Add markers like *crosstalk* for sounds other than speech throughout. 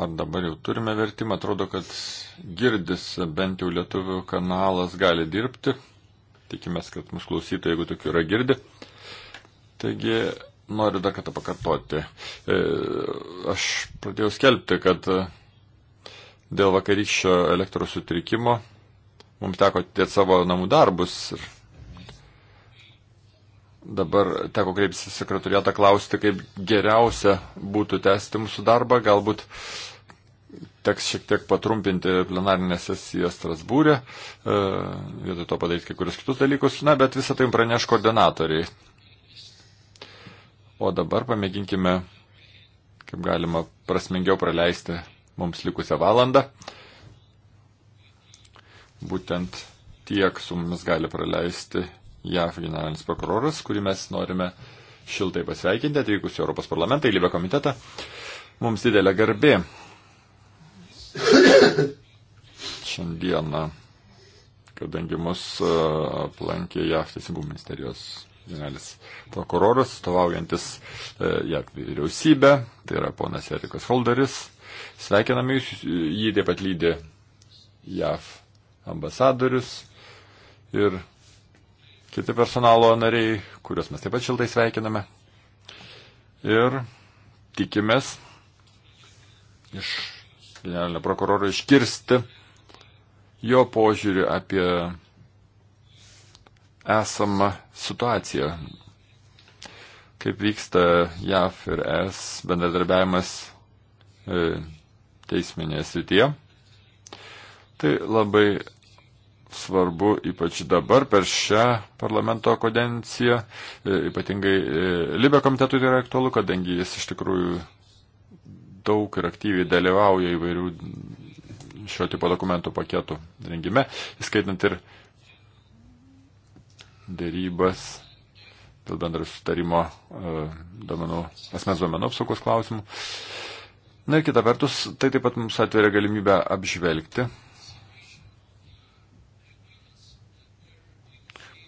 Ar dabar jau turime vertimą? Atrodo, kad girdis bent jau lietuvių kanalas gali dirbti. Tikimės, kad mūsų klausytojai, jeigu tokių yra girdi. Taigi, noriu dar kartą pakartoti. E, aš pradėjau skelbti, kad e, dėl vakarykščio elektros sutrikimo mums teko atidėti savo namų darbus. Ir dabar teko kreiptis į sekretoriatą klausti, kaip geriausia būtų tęsti mūsų darbą. Galbūt uh, teks šiek tiek patrumpinti plenarinę sesiją Strasbūrė, e, vietoj to padaryti kai kurios kitus dalykus, na, bet visą tai praneš koordinatoriai. O dabar pamėginkime, kaip galima prasmingiau praleisti mums likusią valandą. Būtent tiek su mumis gali praleisti JAF generalinis prokuroras, kurį mes norime šiltai pasveikinti atvykus į Europos parlamentą, į Libę komitetą. Mums didelė garbė šiandieną, kadangi mus e, aplankė JAV Teisingų ministerijos generalinis prokuroras, stovaujantis e, JAV vyriausybę, tai yra ponas Erikas Holderis. Sveikiname jūs, jį taip pat lydi JAV ambasadorius ir kiti personalo nariai, kuriuos mes taip pat šiltai sveikiname. Ir tikimės iš generalinio prokuroro iškirsti jo požiūrį apie esamą situaciją, kaip vyksta JAF ir ES bendradarbiavimas e, teisminėje srityje. Tai labai svarbu ypač dabar per šią parlamento kodenciją, e, ypatingai e, Libė komitetui tai yra aktualu, kadangi jis iš tikrųjų daug ir aktyviai dalyvauja įvairių šio tipo dokumentų paketų rengime, įskaitant ir dėrybas dėl bendras sutarimo e, domenų, asmens duomenų apsaugos klausimų. Na ir kita vertus, tai taip pat mums atveria galimybę apžvelgti,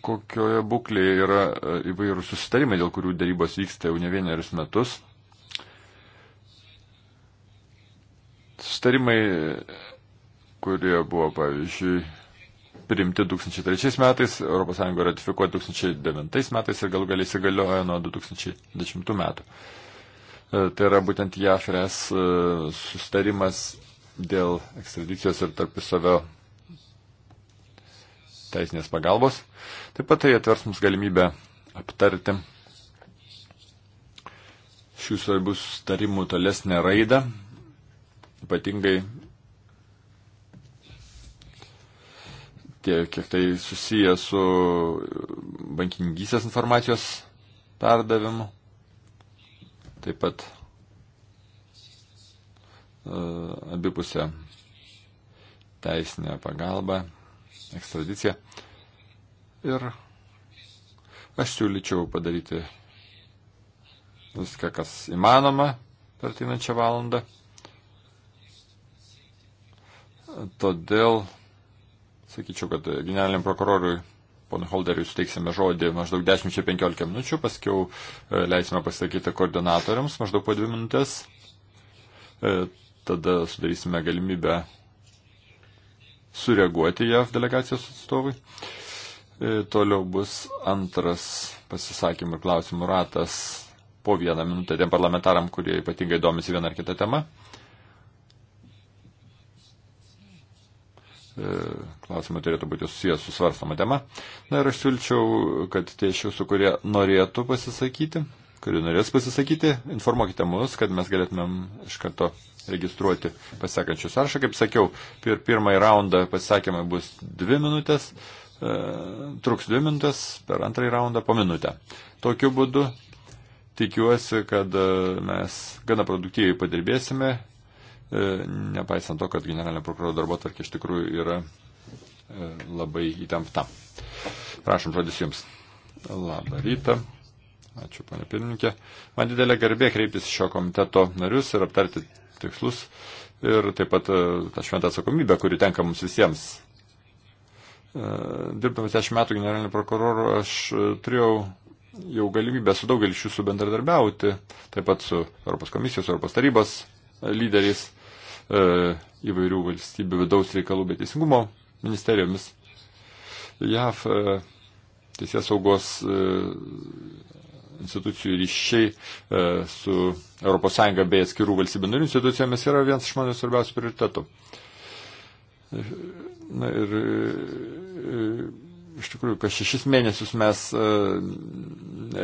kokioje būklėje yra e, įvairūs susitarimai, dėl kurių dėrybos vyksta jau ne vienerius metus. Sustarimai kurie buvo, pavyzdžiui, priimti 2003 metais, ES ratifikuoja 2009 metais ir gal galiai įsigalioja nuo 2010 metų. E, tai yra būtent JAF ir ES e, sustarimas dėl ekstradicijos ir tarpusavio teisinės pagalbos. Taip pat tai atvers mums galimybę aptarti šių svarbių sustarimų tolesnę raidą, ypatingai tiek, kiek tai susiję su bankingysės informacijos perdavimu. Taip pat e, abipusė teisinė pagalba, ekstradicija. Ir aš siūlyčiau padaryti viską, kas įmanoma per ateinančią valandą. Todėl Sakyčiau, kad generaliniam prokurorui ponui Holderiui suteiksime žodį maždaug 10-15 minučių, paskiau e, leisime pasakyti koordinatoriams maždaug po 2 minutės. E, tada sudarysime galimybę sureaguoti JAV delegacijos atstovui. E, toliau bus antras pasisakymų ir klausimų ratas po vieną minutę tiem parlamentaram, kurie ypatingai domisi vieną ar kitą temą. E, klausimai turėtų būti susijęs su svarstama tema. Na ir aš siūlyčiau, kad tie iš jūsų, kurie norėtų pasisakyti, kurie norės pasisakyti, informuokite mus, kad mes galėtumėm iš karto registruoti pasakančių sąrašą. Kaip sakiau, per pirmąjį raundą pasisakymai bus dvi minutės, e, truks dvi minutės, per antrąjį raundą po minutę. Tokiu būdu tikiuosi, kad e, mes gana produktyviai padirbėsime E, nepaisant to, kad generalinio prokuroro darbo tarkė iš tikrųjų yra e, labai įtempta. Prašom žodis Jums. Labą rytą. Ačiū, ponė pirmininkė. Man didelė garbė kreiptis šio komiteto narius ir aptarti tikslus ir taip pat e, tą šventą atsakomybę, kuri tenka mums visiems. Dirbdamas 10 metų generaliniu prokuroru aš turėjau jau galimybę su daugeliu iš jūsų bendradarbiauti, taip pat su Europos komisijos, Europos tarybos lyderiais e, įvairių valstybių vidaus reikalų bei teisingumo ministerijomis. JAV e, teisės saugos e, institucijų ryšiai su ES bei atskirų valstybių narių institucijomis yra vienas iš mano svarbiausių prioritetų. Na ir iš tikrųjų, kas šešis mėnesius mes e,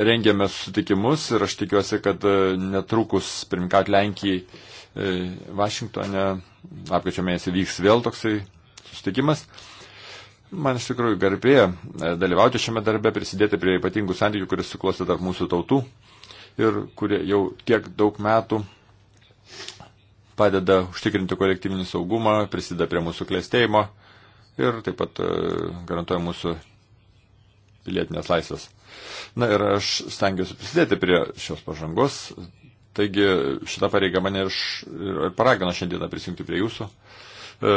rengėme sutikimus ir aš tikiuosi, kad e, netrukus pirmkat Lenkijai e, Vašingtonė, lapkričio mėnesį vyks vėl toksai sutikimas. Man iš tikrųjų garbė dalyvauti šiame darbe, prisidėti prie ypatingų santykių, kuris suklosi tarp mūsų tautų ir kurie jau tiek daug metų padeda užtikrinti kolektyvinį saugumą, prisideda prie mūsų klėstėjimo ir taip pat e, garantuoja mūsų pilietinės laisvės. Na ir aš stengiuosi prisidėti prie šios pažangos, taigi šita pareiga mane ir, ir paragino šiandieną prisijungti prie jūsų. E,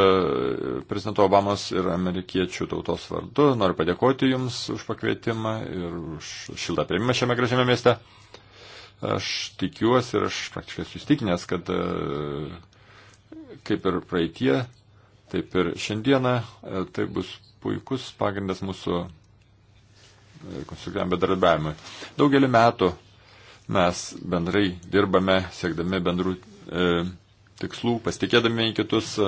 prezidento Obamos ir amerikiečių tautos vardu noriu padėkoti Jums už pakvietimą ir už šiltą prieimimą šiame gražiame mieste. Aš tikiuosi ir aš praktiškai susitikinęs, kad e, kaip ir praeitie, taip ir šiandieną. E, tai bus puikus pagrindas mūsų e, konstruktyviam bedarbiavimui. Daugelį metų mes bendrai dirbame, siekdami bendrų e, tikslų, pasitikėdami į kitus e,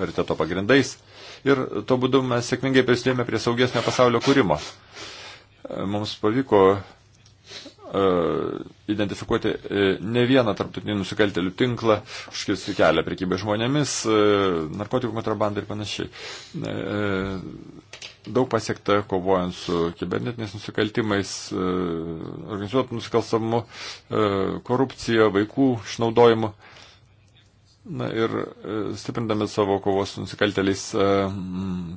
pariteto pagrindais ir to būdu mes sėkmingai prisidėjome prie saugesnio pasaulio kūrimo. E, mums pavyko E, identifikuoti e, ne vieną tarptautinį nusikaltelių tinklą, užkirsti kelią prekybę žmonėmis, e, narkotikų kontrabandą ir panašiai. Daug pasiekta kovojant su kibernetiniais nusikaltimais, organizuotų nusikalstamu, korupcija, vaikų išnaudojimu. Na ir e, stiprindami savo kovos su nusikalteliais e,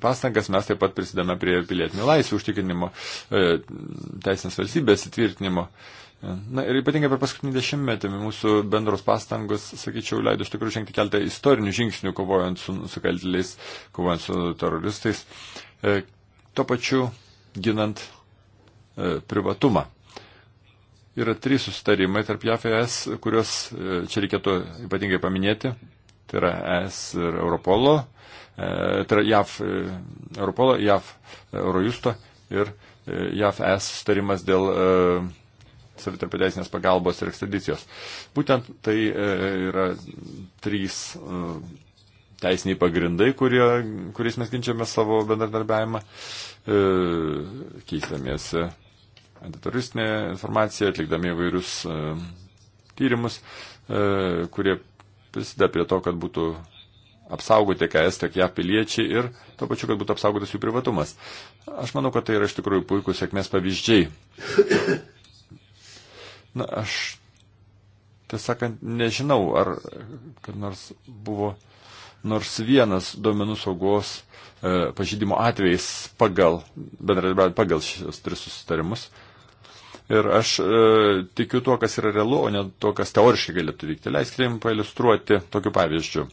pastangas, mes taip pat prisidame prie pilietinių laisvių užtikrinimo, e, teisinės valstybės įtvirtinimo. Na ir ypatingai per paskutinį dešimtmetį mūsų bendros pastangos, sakyčiau, leido iš tikrųjų žengti keletą istorinių žingsnių kovojant su nusikaltėliais, kovojant su teroristais, tuo pačiu ginant privatumą. Yra trys sustarimai tarp JAF ir ES, kuriuos e, čia reikėtų ypatingai paminėti. Tai yra ES ir Europolo, e, tai yra JAF e, Europolo, JAF Eurojusto ir JAF ES sustarimas dėl savitarpėteisinės pagalbos ir ekstradicijos. Būtent tai yra trys teisiniai pagrindai, kurie, kuriais mes ginčiame savo bendradarbiavimą, keisdamiesi antiteroristinė informacija, atlikdami įvairius e, tyrimus, e, kurie prisideda prie to, kad būtų apsaugoti tiek ES, tiek ją piliečiai ir to pačiu, kad būtų apsaugotas jų privatumas. Aš manau, kad tai yra iš tikrųjų puikūs sėkmės pavyzdžiai. Na, aš tiesąkant nežinau, ar kad nors buvo nors vienas duomenų saugos e, pažydimo atvejais pagal, bendradarbiavant pagal šios tris susitarimus. E, Ir aš e, tikiu tuo, kas yra realu, o ne tuo, kas teoriškai galėtų vykti. Leiskite jums pailustruoti tokiu pavyzdžiu.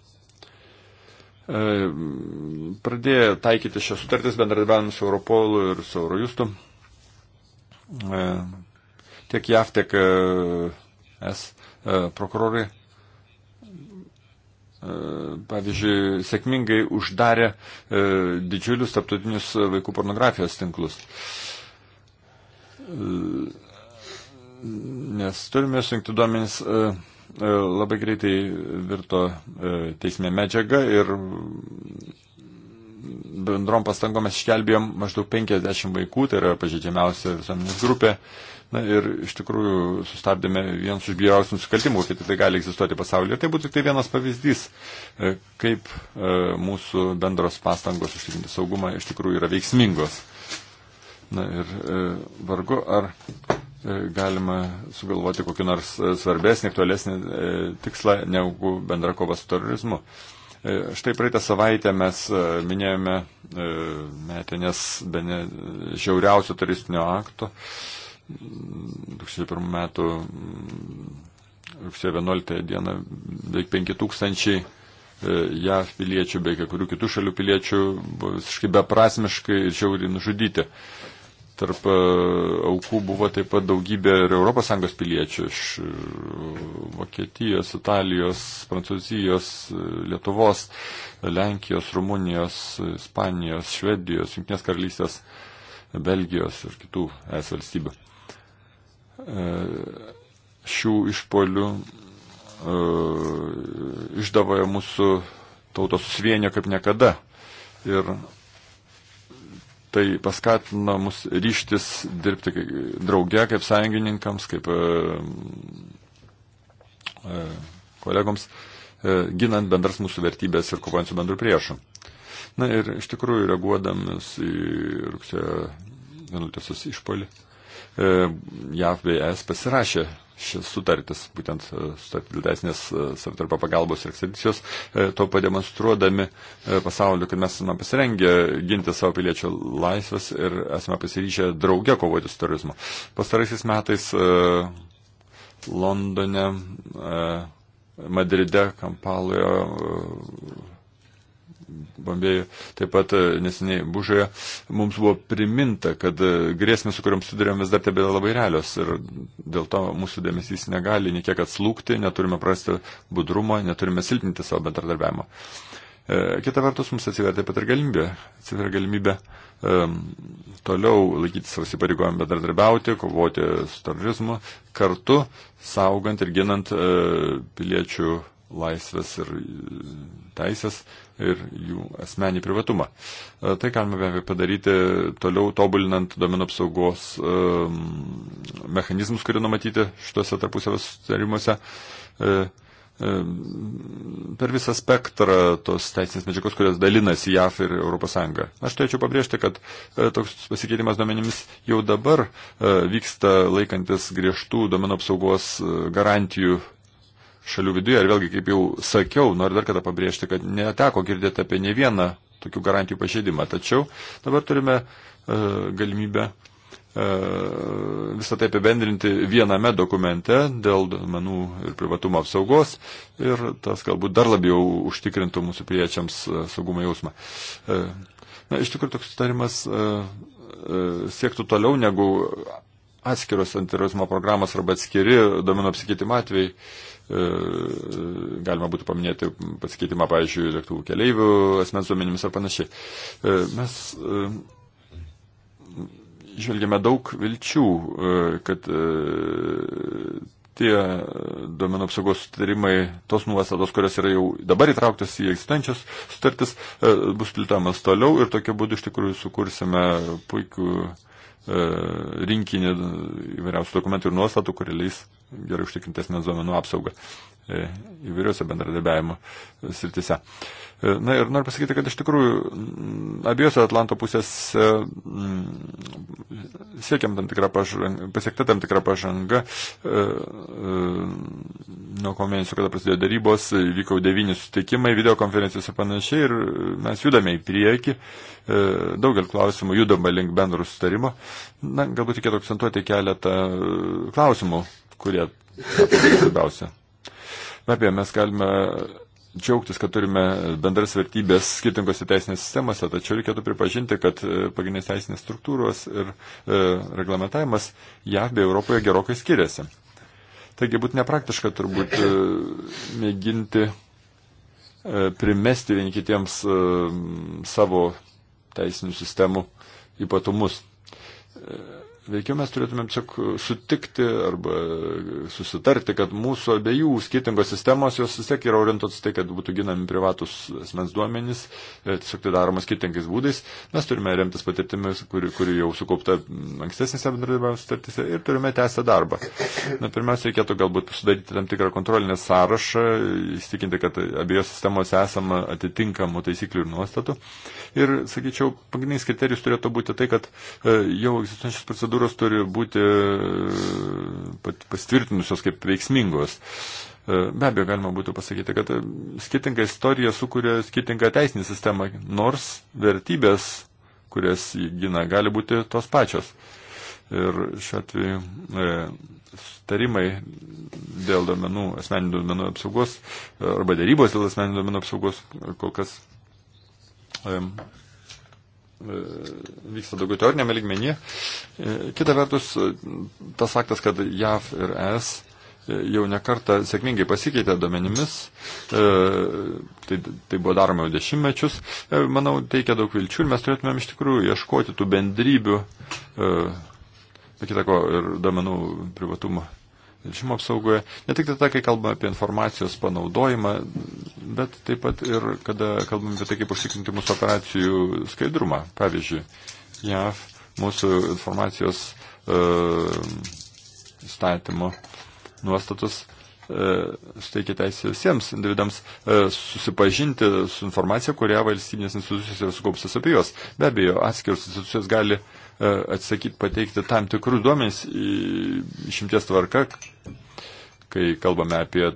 E, pradėjo taikyti šią sutartis bendradarbiavimus su Europolu ir su Eurojustu. E, tiek JAV, tiek e, S e, prokurorai e, pavyzdžiui, sėkmingai uždarė e, didžiulius taptautinius vaikų pornografijos tinklus. E, nes turime surinkti duomenys e, e, labai greitai virto e, teisminė medžiaga ir bendrom pastangom mes iškelbėjom maždaug 50 vaikų, tai yra pažeidžiamiausia visuomenės grupė. Na ir iš tikrųjų sustabdėme vienus iš bjauriausių nusikaltimų, kai tai gali egzistuoti pasaulyje. Ir tai būtų tik tai vienas pavyzdys, kaip mūsų bendros pastangos užtikrinti saugumą iš tikrųjų yra veiksmingos. Na ir vargu ar E, galima sugalvoti kokį nors e, svarbesnį, aktualesnį e, tikslą negu bendra kova su terorizmu. Štai praeitą savaitę mes minėjome metinės bene žiauriausio teroristinio akto 2001 metų rugsėjo 11 dieną beveik 5000 JAV piliečių, bei kai kurių kitų šalių piliečių buvo visiškai beprasmiškai žiauriai nužudyti. E, Tarp e, aukų buvo taip pat daugybė ir ES piliečių iš e, Vokietijos, Italijos, Prancūzijos, e, Lietuvos, Lenkijos, Rumunijos, Ispanijos, Švedijos, Junktinės karalystės, Belgijos ir kitų es valstybių. Šių išpolių išdavoje mūsų tautos susivienio kaip niekada. Ir Tai paskatino mus ryštis dirbti drauge kaip sąjungininkams, kaip e, e, kolegoms, e, ginant bendras mūsų vertybės ir kovojant su bendru priešu. Na ir iš tikrųjų reaguodamas į rugsėjo 11 išpolį. E, JAV bei ES pasirašė šis sutartis, būtent e, sutartildesnės e, savitarpio pagalbos ir ekstradicijos, to pademonstruodami pasauliu, kad mes esame pasirengę ginti savo piliečių laisvės ir esame pasiryžę drauge kovoti su terorizmu. Pastaraisiais metais Londone, Madride, Kampaloje Bombėjų, taip pat e, nesiniai Bužoje, mums buvo priminta, kad e, grėsmės, su kuriam sudarėm, vis dar tebėra labai realios ir dėl to mūsų dėmesys negali niekiek atslūkti, neturime prasti budrumo, neturime silpninti savo bendradarbiavimo. E, kita vertus, mums atsiveria taip pat ir galimybė. Atsiveria galimybė um, toliau laikyti savo įsipareigojimą bendradarbiauti, kovoti su terorizmu, kartu saugant ir ginant uh, piliečių laisvės ir teisės, ir jų asmenį privatumą. E, tai galime be abejo padaryti toliau tobulinant domenų apsaugos mechanizmus, kurie numatyti šituose tarpusavio sutarimuose. E, e, per visą spektrą tos teisinės medžiagos, kurias dalinasi JAF ir ES. Aš turėčiau pabrėžti, kad toks pasikeitimas duomenimis jau dabar vyksta laikantis griežtų duomenų apsaugos garantijų šalių viduje. Ir vėlgi, kaip jau sakiau, noriu dar kartą pabrėžti, kad neteko girdėti apie ne vieną tokių garantijų pažeidimą. Tačiau dabar turime e, galimybę e, visą tai apibendrinti viename dokumente dėl menų ir privatumo apsaugos ir tas galbūt dar labiau užtikrintų mūsų priečiams e, saugumo jausmą. E, na, iš tikrųjų, toks sutarimas e, e, siektų toliau negu atskiros antiterorizmo programos arba atskiri domino apsikeitimo atvejai. E, E, galima būtų paminėti pasikeitimą, pavyzdžiui, lėktuvų keleivių, asmens duomenimis ar panašiai. E, mes e, žvelgiame daug vilčių, kad tie duomenų apsaugos sutarimai, tos nuostatos, kurios yra jau dabar įtrauktas į egzistenčias sutartis, bus plitamas toliau ir tokiu būdu iš tikrųjų sukursime puikų rinkinį įvairiausių dokumentų ir nuostatų, kurie leis gerai užtikrintesnės duomenų apsaugą e, įvairiuose bendradarbiavimo sritise. E, na ir noriu pasakyti, kad iš tikrųjų abiejose Atlanto pusės e, siekiam tam tikrą pažangą, pasiekta tam tikrą pažangą. Nuo ko mėnesio, kada prasidėjo darybos, vyko devyni sutikimai, videokonferencijos ir panašiai ir mes judame į priekį. Daugel klausimų judama link bendrų sustarimo. Na, galbūt reikėtų akcentuoti keletą klausimų, kurie svarbiausia. Na apie, mes galime džiaugtis, kad turime bendras vertybės skirtingose teisinės sistemose, tačiau reikėtų pripažinti, kad e, pagrindinės teisinės struktūros ir e, reglamentavimas JAV bei Europoje gerokai skiriasi. Taigi būtų nepraktiška turbūt e, mėginti e, primesti vieni kitiems e, savo teisinių sistemų ypatumus. E, Veikiau mes turėtumėm tiesiog sutikti arba susitarti, kad mūsų abiejų skirtingos sistemos jos vis tiek yra orientuotas tai, kad būtų ginami privatus asmens duomenys, e, tiesiog tai daroma skirtingais būdais. Mes turime remtis patirtimis, kuri, kuri jau sukaupta ankstesnėse bendradarbiavimo sutartyse ir turime tęsę darbą. Na, pirmiausia, reikėtų galbūt sudaryti tam tikrą kontrolinę sąrašą, įstikinti, kad abiejose sistemose esama atitinkamų taisyklių ir nuostatų. Ir, sakyčiau, pagrindinis kriterijus turėtų būti tai, kad e, jau egzistuojančios procedūros procedūros turi būti e, pastvirtinusios kaip veiksmingos. E, be abejo, galima būtų pasakyti, kad e, skirtinga istorija sukuria skirtingą teisinį sistemą, nors vertybės, kurias jį gina, gali būti tos pačios. Ir šiuo atveju e, sutarimai dėl domenų, asmeninių domenų apsaugos arba dėrybos dėl asmeninių domenų apsaugos kol kas e, E, vyksta daugiau teorinėme lygmenyje. E, kita vertus, e, tas faktas, kad JAV ir ES jau nekartą sėkmingai pasikeitė duomenimis, tai, tai buvo daroma jau dešimtmečius, manau, teikia daug vilčių ir mes turėtumėm iš tikrųjų ieškoti tų bendrybių, be kitako, ir duomenų privatumo šimo apsaugoje, ne tik tada, kai kalbame apie informacijos panaudojimą, bet taip pat ir kada kalbame apie tai, kaip užtikrinti mūsų operacijų skaidrumą. Pavyzdžiui, JAV mūsų informacijos įstatymo e, nuostatus e, suteikia teisę visiems individams e, susipažinti su informacija, kurią valstybinės institucijos yra sukaupsios apie juos. Be abejo, atskiros institucijos gali uh, E, atsakyti pateikti tam tikrus duomenys išimties tvarka, kai kalbame apie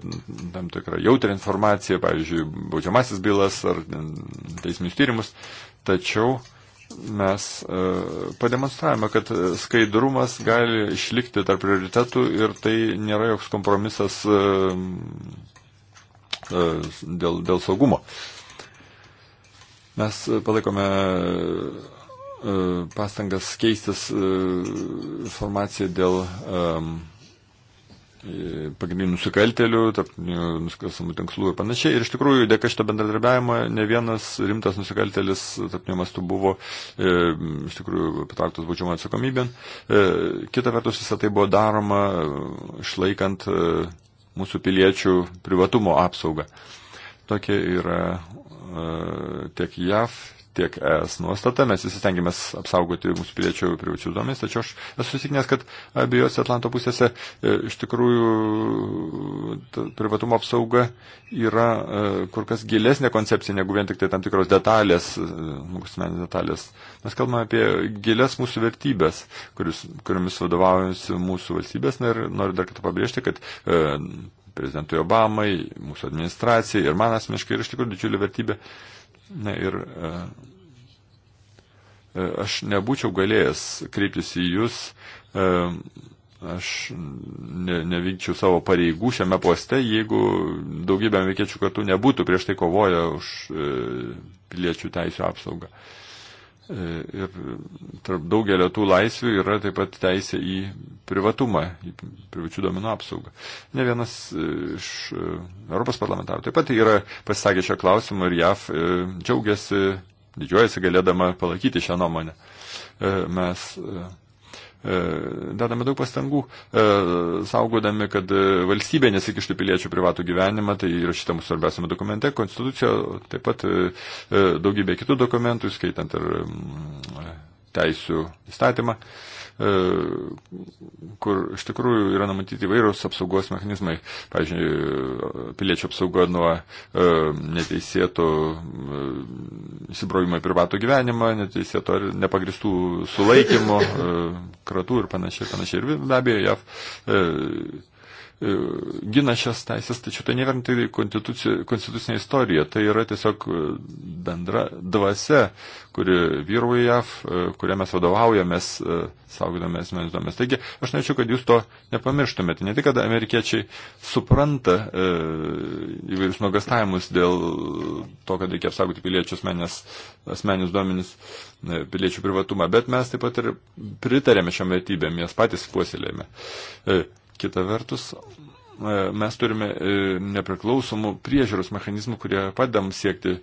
tam tikrą jautrę informaciją, pavyzdžiui, baudžiamasis bylas ar teisminius tyrimus, tačiau mes e, pademonstravome, kad skaidrumas gali išlikti tarp prioritetų ir tai nėra joks kompromisas e, dėl, dėl saugumo. Mes palaikome E, pastangas keistis e, informacija dėl e, pagrindinių nusikaltelių, tarptautinių nusikalstamų tinklų ir panašiai. Ir iš tikrųjų, dėka šito bendradarbiavimo, ne vienas rimtas nusikaltelis tarptautiniu mastu buvo e, iš tikrųjų patrauktas baudžiamą atsakomybę. E, kita vertus, visą tai buvo daroma išlaikant e, mūsų piliečių privatumo apsaugą. Tokia yra e, tiek JAV, tiek ES nuostata, mes visi stengiamės apsaugoti mūsų piliečių privačius duomenys, tačiau aš esu įsitikinęs, kad abiejose Atlanto pusėse e, iš tikrųjų privatumo apsauga yra e, kur kas gilesnė koncepcija, negu vien tik tai tam tikros detalės, asmeninės e, detalės. Mes kalbame apie gilės mūsų vertybės, kuris, kuriomis vadovaujasi mūsų valstybės na, ir noriu dar kartą pabrėžti, kad prezidentui Obamai, mūsų administracijai ir man asmeniškai yra iš tikrųjų didžiulė vertybė Na ir e, e, aš nebūčiau galėjęs kreiptis į jūs, e, aš ne, nevykčiau savo pareigų šiame poste, jeigu daugybė amerikiečių kartų nebūtų prieš tai kovoję už piliečių teisų apsaugą. Uh, Ir tarp daugelio tų laisvių yra taip pat teisė į privatumą, į privačių domenų apsaugą. Ne vienas e, iš e, Europos parlamentarų taip pat yra pasisakė šio klausimą ir JAF e, džiaugiasi, didžiuojasi galėdama palaikyti šią nuomonę. Mes E, dedame daug pastangų, e, saugodami, kad valstybė nesikištų piliečių privatų gyvenimą, tai įrašyta mūsų svarbiausiame dokumente, konstitucijo, taip pat e, daugybė kitų dokumentų, skaitant ir mm, teisų įstatymą. E, kur iš tikrųjų yra numatyti įvairūs apsaugos mechanizmai. Pavyzdžiui, e, piliečio apsauga nuo e, neteisėto įsibrovimo į privato gyvenimą, neteisėto ar nepagristų sulaikymų, kratų ir panašiai, panašiai. Ir be abejo, JAV E, gina šias teisės, tačiau tai ne vien tai konstitucinė istorija, tai yra tiesiog e, bendra dvasia, kuri vyruoja JAV, e, kurią mes vadovaujamės, saugodami asmenės duomenės. Taigi, aš norėčiau, kad jūs to nepamirštumėte. Ne tik, kad amerikiečiai supranta e, įvairius nuogastavimus dėl to, kad reikia apsaugoti piliečių asmenės, asmenės duomenys, e, piliečių privatumą, bet mes taip pat ir pritarėme šiam vertybėm, jas patys puoselėjame. E, Kita vertus, e, mes turime e, nepriklausomų priežiūros mechanizmų, kurie padam siekti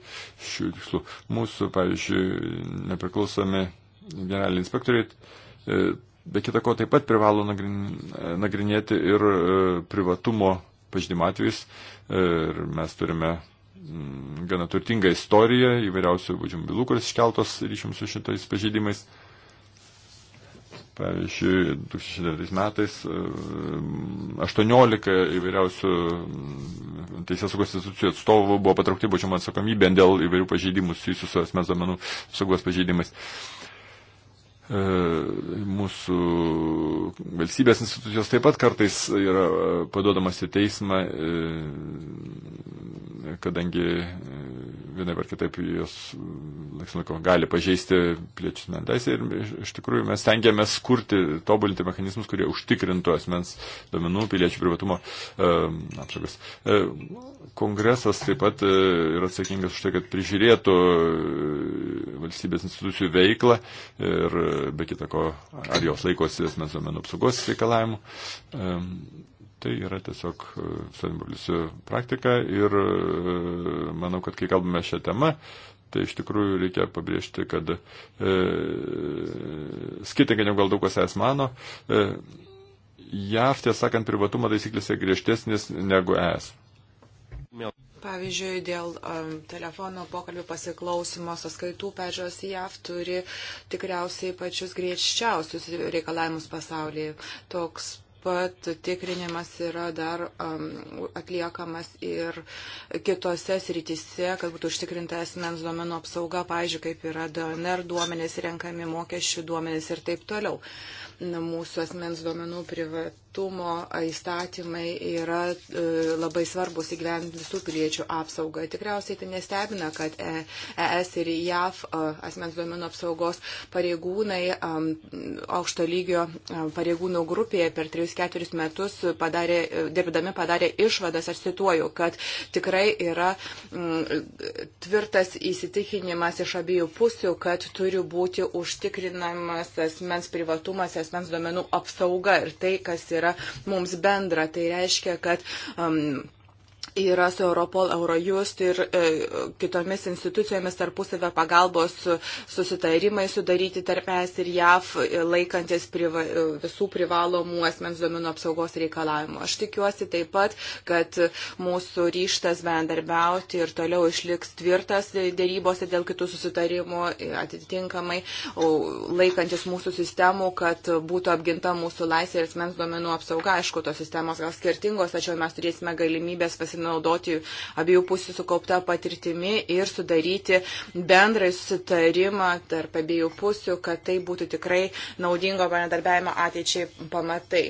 šių tikslų. Mūsų, pavyzdžiui, nepriklausomi generaliniai inspektoriai, e, be kita ko, taip pat privalo nagrinėti ir privatumo pažymimo atvejus. Ir mes turime gana turtingą istoriją įvairiausių būdžių bylų, kuris iškeltos ryšium su šitais pažydimais. Pavyzdžiui, 2009 metais 18 e, įvairiausių mm, teisės saugos institucijų atstovų buvo patraukti baudžiamą atsakomybę dėl įvairių pažeidimų susijusių su asmens domenų saugos pažeidimais. Uh, E, mūsų valstybės institucijos taip pat kartais yra e, paduodamas į teismą, e, kadangi vienai par kitaip jos laiko, gali pažeisti piliečių teisę ir iš tikrųjų mes tengiamės kurti, tobulinti mechanizmus, kurie užtikrintų asmens domenų piliečių privatumo apsaugas. Kongresas taip pat e, yra atsakingas už tai, kad prižiūrėtų e, valstybės institucijų veiklą ir e, be kita ko, ar jos laikosi esmės duomenų apsaugos reikalavimų. Tai yra tiesiog savimboliusių praktika ir manau, kad kai kalbame šią temą, Tai iš tikrųjų reikia pabrėžti, kad e, skirtingai negu gal daug kas es mano, e, JAV, tiesą sakant, privatumo taisyklėse griežtesnis negu es. Pavyzdžiui, dėl um, telefono pokalbių pasiklausimo sąskaitų peržiūros JAV turi tikriausiai pačius griežčiausius reikalavimus pasaulyje. Toks pat tikrinimas yra dar um, atliekamas ir kitose srityse, kad būtų užtikrinta esmens duomenų apsauga, pavyzdžiui, kaip yra DNR duomenės renkami, mokesčių duomenės ir taip toliau. Na, mūsų esmens duomenų privat privatumo įstatymai yra e, labai svarbus įgyvendinti visų piliečių apsaugą. Tikriausiai tai nestebina, kad ES e ir JAV e, asmens duomenų apsaugos pareigūnai aukšto lygio pareigūnų grupėje per 3-4 metus padarė, dirbdami padarė išvadas, aš cituoju, kad tikrai yra tvirtas įsitikinimas iš abiejų pusių, kad turi būti užtikrinamas asmens privatumas, asmens duomenų apsauga ir tai, kas yra yra mums bendra. Tai reiškia, kad um, yra su Europol, Eurojust ir e, kitomis institucijomis tarpusavę pagalbos susitarimai sudaryti tarp es ir JAV, e, laikantis priva, e, visų privalomų asmens domino apsaugos reikalavimų. Aš tikiuosi taip pat, kad mūsų ryštas bendarbiauti ir toliau išliks tvirtas dėrybose dėl kitų susitarimų, e, atitinkamai laikantis mūsų sistemų, kad būtų apginta mūsų laisvė ir asmens domino apsauga. Aišku, tos sistemos gal skirtingos, tačiau mes turėsime galimybės pasinaudoti pasinaudoti abiejų pusių sukaupta patirtimi ir sudaryti bendrą susitarimą tarp abiejų pusių, kad tai būtų tikrai naudingo bendradarbiavimo ateičiai pamatai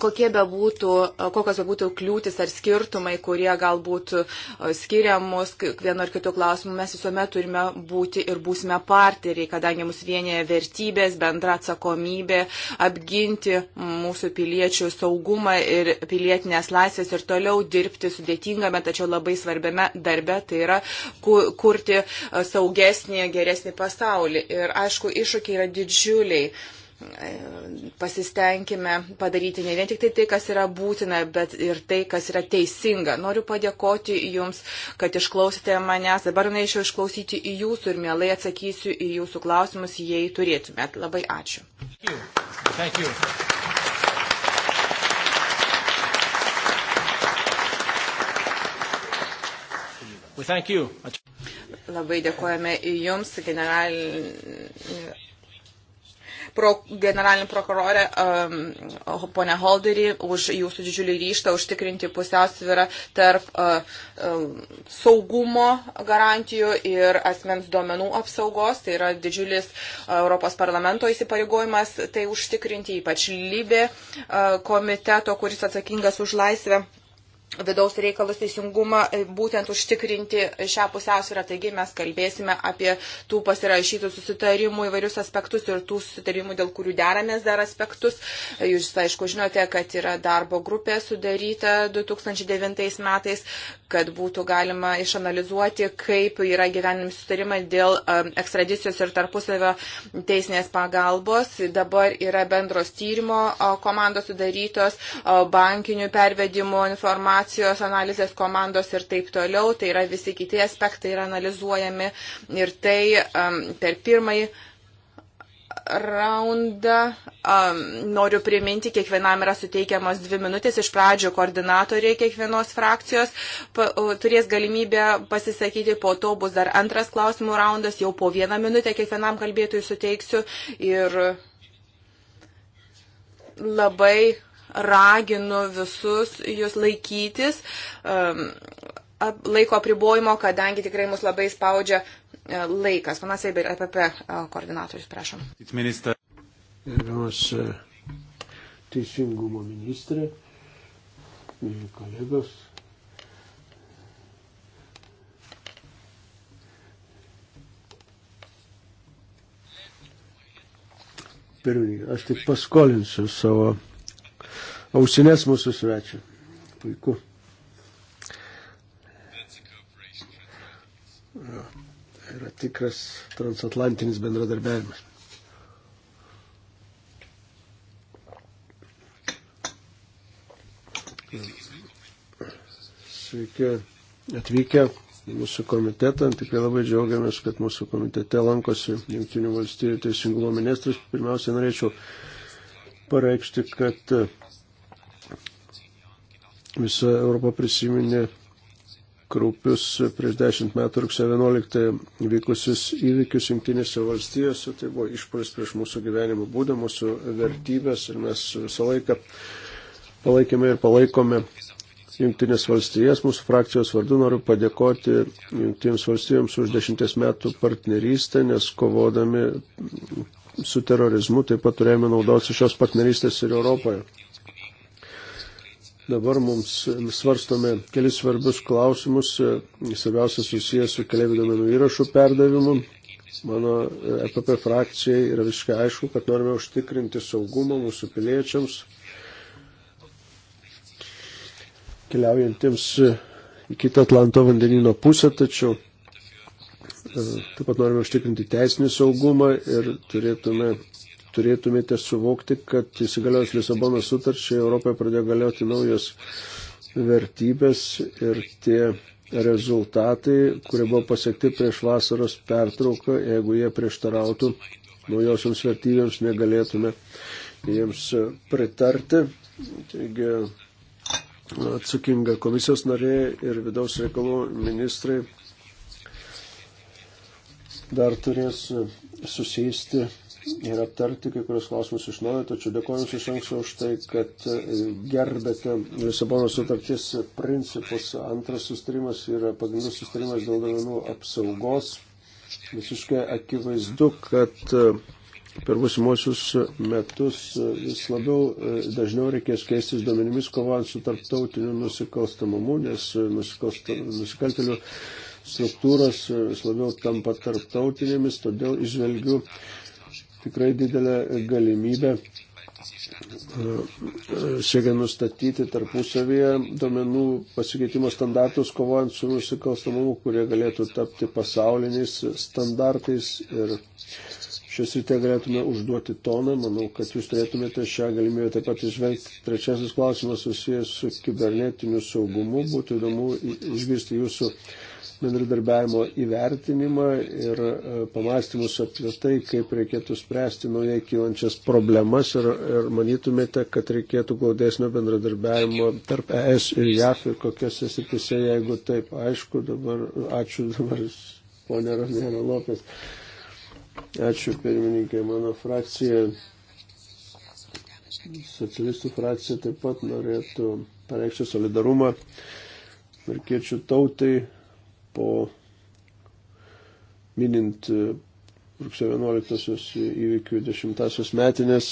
kokie bebūtų, kokios bebūtų kliūtis ar skirtumai, kurie galbūt e, skiria mus vienu ar kitu klausimu, mes visuomet turime būti ir būsime partneriai, kadangi mus vienyje vertybės, bendra atsakomybė, apginti mūsų piliečių saugumą ir pilietinės laisvės ir toliau dirbti sudėtingame, tačiau labai svarbiame darbe, tai yra kurti e, saugesnį, geresnį pasaulį. Ir aišku, iššūkiai yra didžiuliai pasistengime padaryti ne vien tik tai tai, kas yra būtina, bet ir tai, kas yra teisinga. Noriu padėkoti Jums, kad išklausėte manęs. Dabar norėčiau išklausyti į Jūsų ir mielai atsakysiu į Jūsų klausimus, jei turėtumėt. Labai ačiū. Thank you. Thank you. Labai dėkojame Jums, general pro, generalinį prokurorę um, ponę Holderį už jūsų didžiulį ryštą užtikrinti pusiausvyrą tarp uh, uh, saugumo garantijų ir asmens duomenų apsaugos. Tai yra didžiulis e, Europos parlamento įsipareigojimas tai užtikrinti, ypač lybė uh, komiteto, kuris atsakingas už laisvę vidaus reikalus teisingumą e, būtent užtikrinti šią pusiausvyrą. Taigi mes kalbėsime apie tų pasirašytų susitarimų įvairius aspektus ir tų susitarimų, dėl kurių deramės dar aspektus. E, jūs, aišku, žinote, kad yra darbo grupė sudaryta 2009 metais, kad būtų galima išanalizuoti, kaip yra gyvenimi sutarimai dėl um, ekstradicijos ir tarpusavio teisinės pagalbos. Dabar yra bendros tyrimo komandos sudarytos, bankinių pervedimų informacijos analizės komandos ir taip toliau. Tai yra visi kiti aspektai yra analizuojami ir tai um, per pirmąjį raundą. Um, noriu priminti, kiekvienam yra suteikiamos dvi minutės. Iš pradžių koordinatoriai kiekvienos frakcijos pa, uh, turės galimybę pasisakyti, po to bus dar antras klausimų raundas, jau po vieną minutę kiekvienam kalbėtojui suteiksiu. Ir labai raginu visus jūs laikytis. Um, laiko apribojimo, kadangi tikrai mus labai spaudžia E, laikas. Panas Eiber, EPP e, koordinatorius, prašom. Minister. Gerbiamas e, teisingumo ministrė, mėly kolegos. Pirmininkai, aš tik paskolinsiu savo ausinės mūsų svečią. Puiku. yra tikras transatlantinis bendradarbiavimas. Sveiki atvykę į mūsų komitetą. Tikrai labai džiaugiamės, kad mūsų komitete lankosi Junktinių valstybių teisingumo ministras. Pirmiausia, norėčiau pareikšti, kad visa Europa prisiminė kraupius prieš dešimt metų rugsėjo 11 vykusius įvykius Junktinėse valstijose. Tai buvo išpolis prieš mūsų gyvenimo būdą, mūsų vertybės ir mes visą laiką palaikėme ir palaikome Junktinės valstijas. Mūsų frakcijos vardu noriu padėkoti Junktinėms valstijoms už dešimties metų partnerystę, nes kovodami su terorizmu taip pat turėjome naudos iš šios partnerystės ir Europoje. Dabar mums svarstome kelis svarbius klausimus, svarbiausia susijęs su keliaivių domenų įrašų perdavimu. Mano EPP e frakcijai yra viskai aišku, kad norime užtikrinti saugumą mūsų piliečiams, keliaujantiems e, į kitą Atlanto vandenino pusę, tačiau e, taip pat norime užtikrinti teisinį saugumą ir turėtume turėtumėte suvokti, kad įsigaliojus Lisabono sutarčiai Europoje pradėjo galioti naujos vertybės ir tie rezultatai, kurie buvo pasiekti prieš vasaros pertrauką, jeigu jie prieštarautų naujosioms vertybėms, negalėtume jiems pritarti. Taigi, atsakinga komisijos narė ir vidaus reikalų ministrai dar turės susėsti ir aptarti kai kurios klausimus iš naujo, tačiau dėkoju Jums iš anksto už tai, kad e, gerbėte Lisabono sutarties principus. Antras sustarimas yra pagrindinis sustarimas dėl duomenų apsaugos. Visiškai akivaizdu, kad e, per būsimuosius metus e, vis labiau dažniau reikės keistis duomenimis kovant su tarptautiniu nusikalstamumu, nes nusikaltelių struktūros vis labiau tampa tarptautinėmis, todėl išvelgiu tikrai didelę galimybę e, siekia nustatyti tarpusavyje domenų pasikeitimo standartus, kovojant su nusikalstamumu, kurie galėtų tapti pasauliniais standartais. Ir šios rytė galėtume užduoti toną. Manau, kad jūs turėtumėte šią galimybę taip pat išvengti. Trečiasis klausimas susijęs su kibernetiniu saugumu. Būtų įdomu išgirsti jūsų bendradarbiavimo įvertinimą ir e, pamastymus apie tai, kaip reikėtų spręsti naujai kylančias problemas ir, ir manytumėte, kad reikėtų glaudesnio bendradarbiavimo tarp ES ir JAF ir kokiose sritise, jeigu taip, aišku, dabar ačiū dabar ponė Ramėra Lopės. Ačiū pirmininkė, mano frakcija socialistų frakcija taip pat norėtų pareikšti solidarumą amerikiečių tautai po minint e, rugsėjo 11-osios įvykių 10-asios metinės,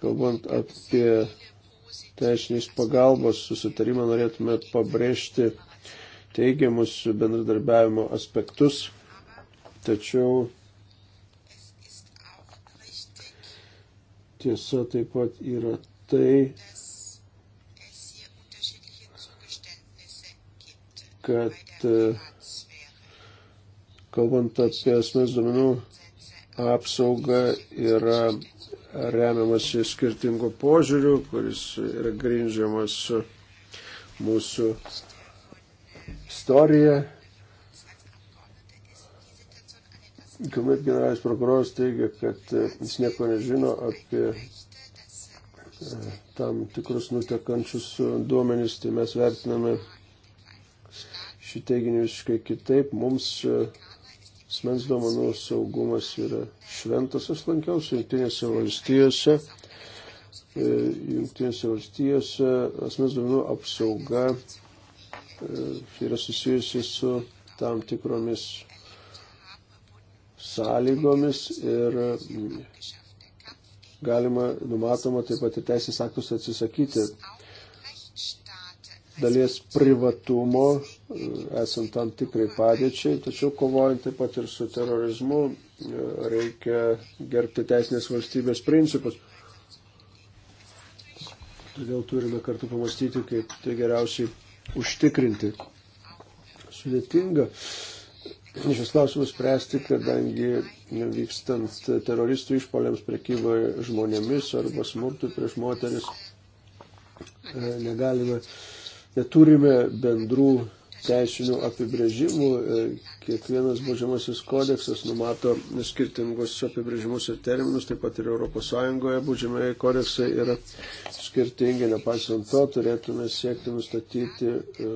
kalbant apie teisinės pagalbos susitarimą, norėtume pabrėžti teigiamus bendradarbiavimo aspektus, tačiau tiesa taip pat yra tai, kad e, kalbant apie asmens duomenų apsaugą yra remiamas į skirtingų požiūrių, kuris yra grindžiamas mūsų istorija. Kuomet generalinis prokuroras teigia, kad jis nieko nežino apie e, tam tikrus nutekančius duomenys, tai mes vertiname šį teiginį visiškai kitaip. Mums e, asmens duomenų saugumas yra šventas. Aš lankiausi Junktinėse valstijose. E, Junktinėse valstijose asmens duomenų apsauga e, yra susijusi su tam tikromis sąlygomis ir galima numatoma taip pat ir teisės aktus atsisakyti dalies privatumo, e, esant tam tikrai padėčiai, tačiau kovojant taip pat ir su terorizmu e, reikia gerbti teisinės valstybės principus. Todėl turime kartu pamastyti, kaip tai geriausiai užtikrinti. Sudėtinga šis klausimus spręsti, kadangi vykstant teroristų išpoliams prekyboje žmonėmis arba smurtui prieš moteris e, negalime neturime bendrų teisinių apibrėžimų, e, kiekvienas baudžiamasis kodeksas numato skirtingus apibrėžimus ir terminus, taip pat ir ES baudžiamieji kodeksai yra skirtingi, nepaisant to turėtume siekti nustatyti e,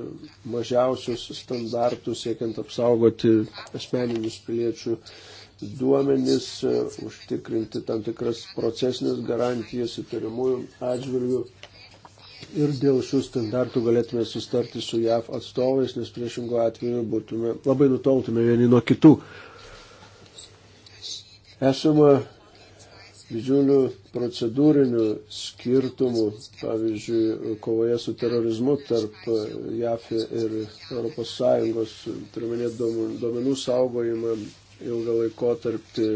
mažiausius standartus, siekiant apsaugoti asmeninius piliečių duomenis, e, užtikrinti tam tikras procesinės garantijas įtariamųjų atžvilgių ir dėl šių standartų galėtume sustarti su JAV atstovais, nes priešingų atveju būtume, labai nutoltume vieni nuo kitų. Esama didžiulių procedūrinių skirtumų, pavyzdžiui, kovoje su terorizmu tarp JAF ir ES, turiuomenė duomenų saugojimą, ilgą laikotarpį,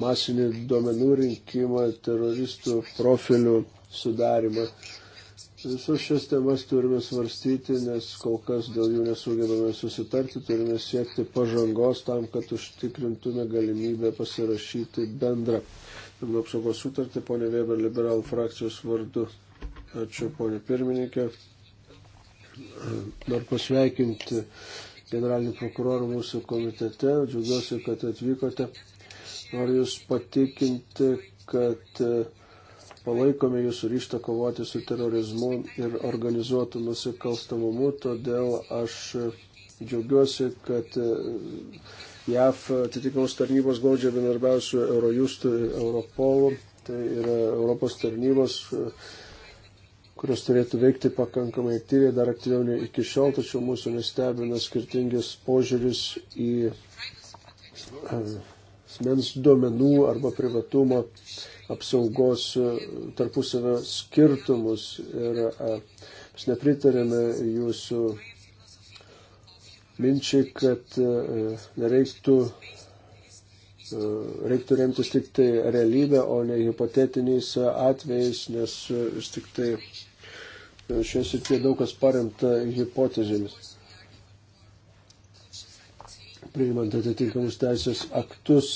masinį duomenų rinkimą, teroristų profilių sudarimą. Visus šias temas turime svarstyti, nes kol kas dėl jų nesugebame susitarti, turime siekti pažangos tam, kad užtikrintume galimybę pasirašyti bendrą duomenų apsaugos sutartį, ponė Weber, liberalų frakcijos vardu. Ačiū, ponė pirmininkė. Noriu pasveikinti generalinį prokurorą mūsų komitete. Džiaugiuosi, kad atvykote. Noriu Jūs patikinti, kad uh, Palaikome jūsų ryštą kovoti su terorizmu ir organizuotų nusikalstamumu, todėl aš džiaugiuosi, kad e, JAF atitikimus tarnybos glaudžia bendarbiauja su Eurojustu ir Europolu. Tai yra Europos tarnybos, e, kurios turėtų veikti pakankamai aktyviai, dar aktyviau nei iki šiol, tačiau mūsų nestebina skirtingas požiūris į e, asmens duomenų arba privatumo apsaugos e, tarpusavio skirtumus ir e, mes nepritarėme jūsų minčiai, kad e, nereiktų reiktų remtis tik tai realybę, o ne hipotetiniais atvejais, nes vis tik tai šioje srityje daug kas paremta hipotezėmis. Priimant atitinkamus teisės aktus,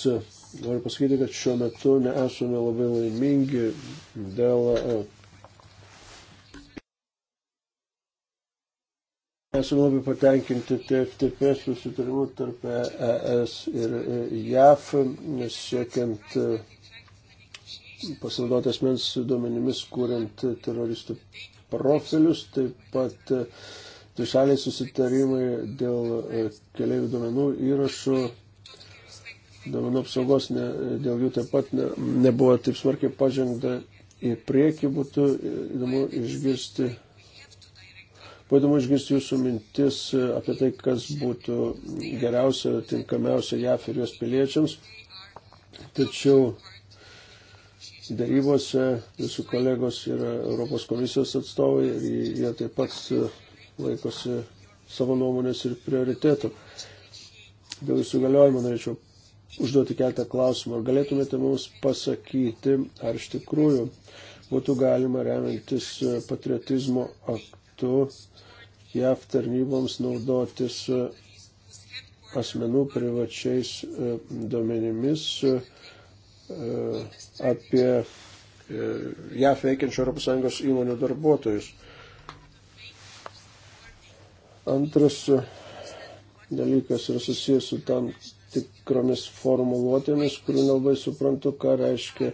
Noriu pasakyti, kad šiuo metu nesame labai laimingi dėl. E, esame labai patenkinti TFTP susitarimu tarp ES e ir e, JAF, siekiant pasinaudoti asmens duomenimis, kuriant teroristų profilius, taip pat trišaliai susitarimai dėl keliaivių duomenų įrašų duomenų apsaugos, ne, dėl jų taip pat ne, nebuvo taip smarkiai pažengta į priekį, būtų įdomu išgirsti. Buvo įdomu išgirsti jūsų mintis apie tai, kas būtų geriausia, tinkamiausia JAF ir jos piliečiams. Tačiau darybose jūsų kolegos yra Europos komisijos atstovai ir jie taip pat laikosi savo nuomonės ir prioritėtų. Dėl įsigaliojimo norėčiau užduoti keltą klausimą. Ar galėtumėte mums pasakyti, ar iš tikrųjų būtų galima remiantis e, patriotizmo aktu JAV tarnyboms naudotis e, asmenų privačiais e, duomenimis apie JAV veikiančių ES įmonių darbuotojus. Antras dalykas yra susijęs su tam tikromis formuluotėmis, kurių nelabai suprantu, ką reiškia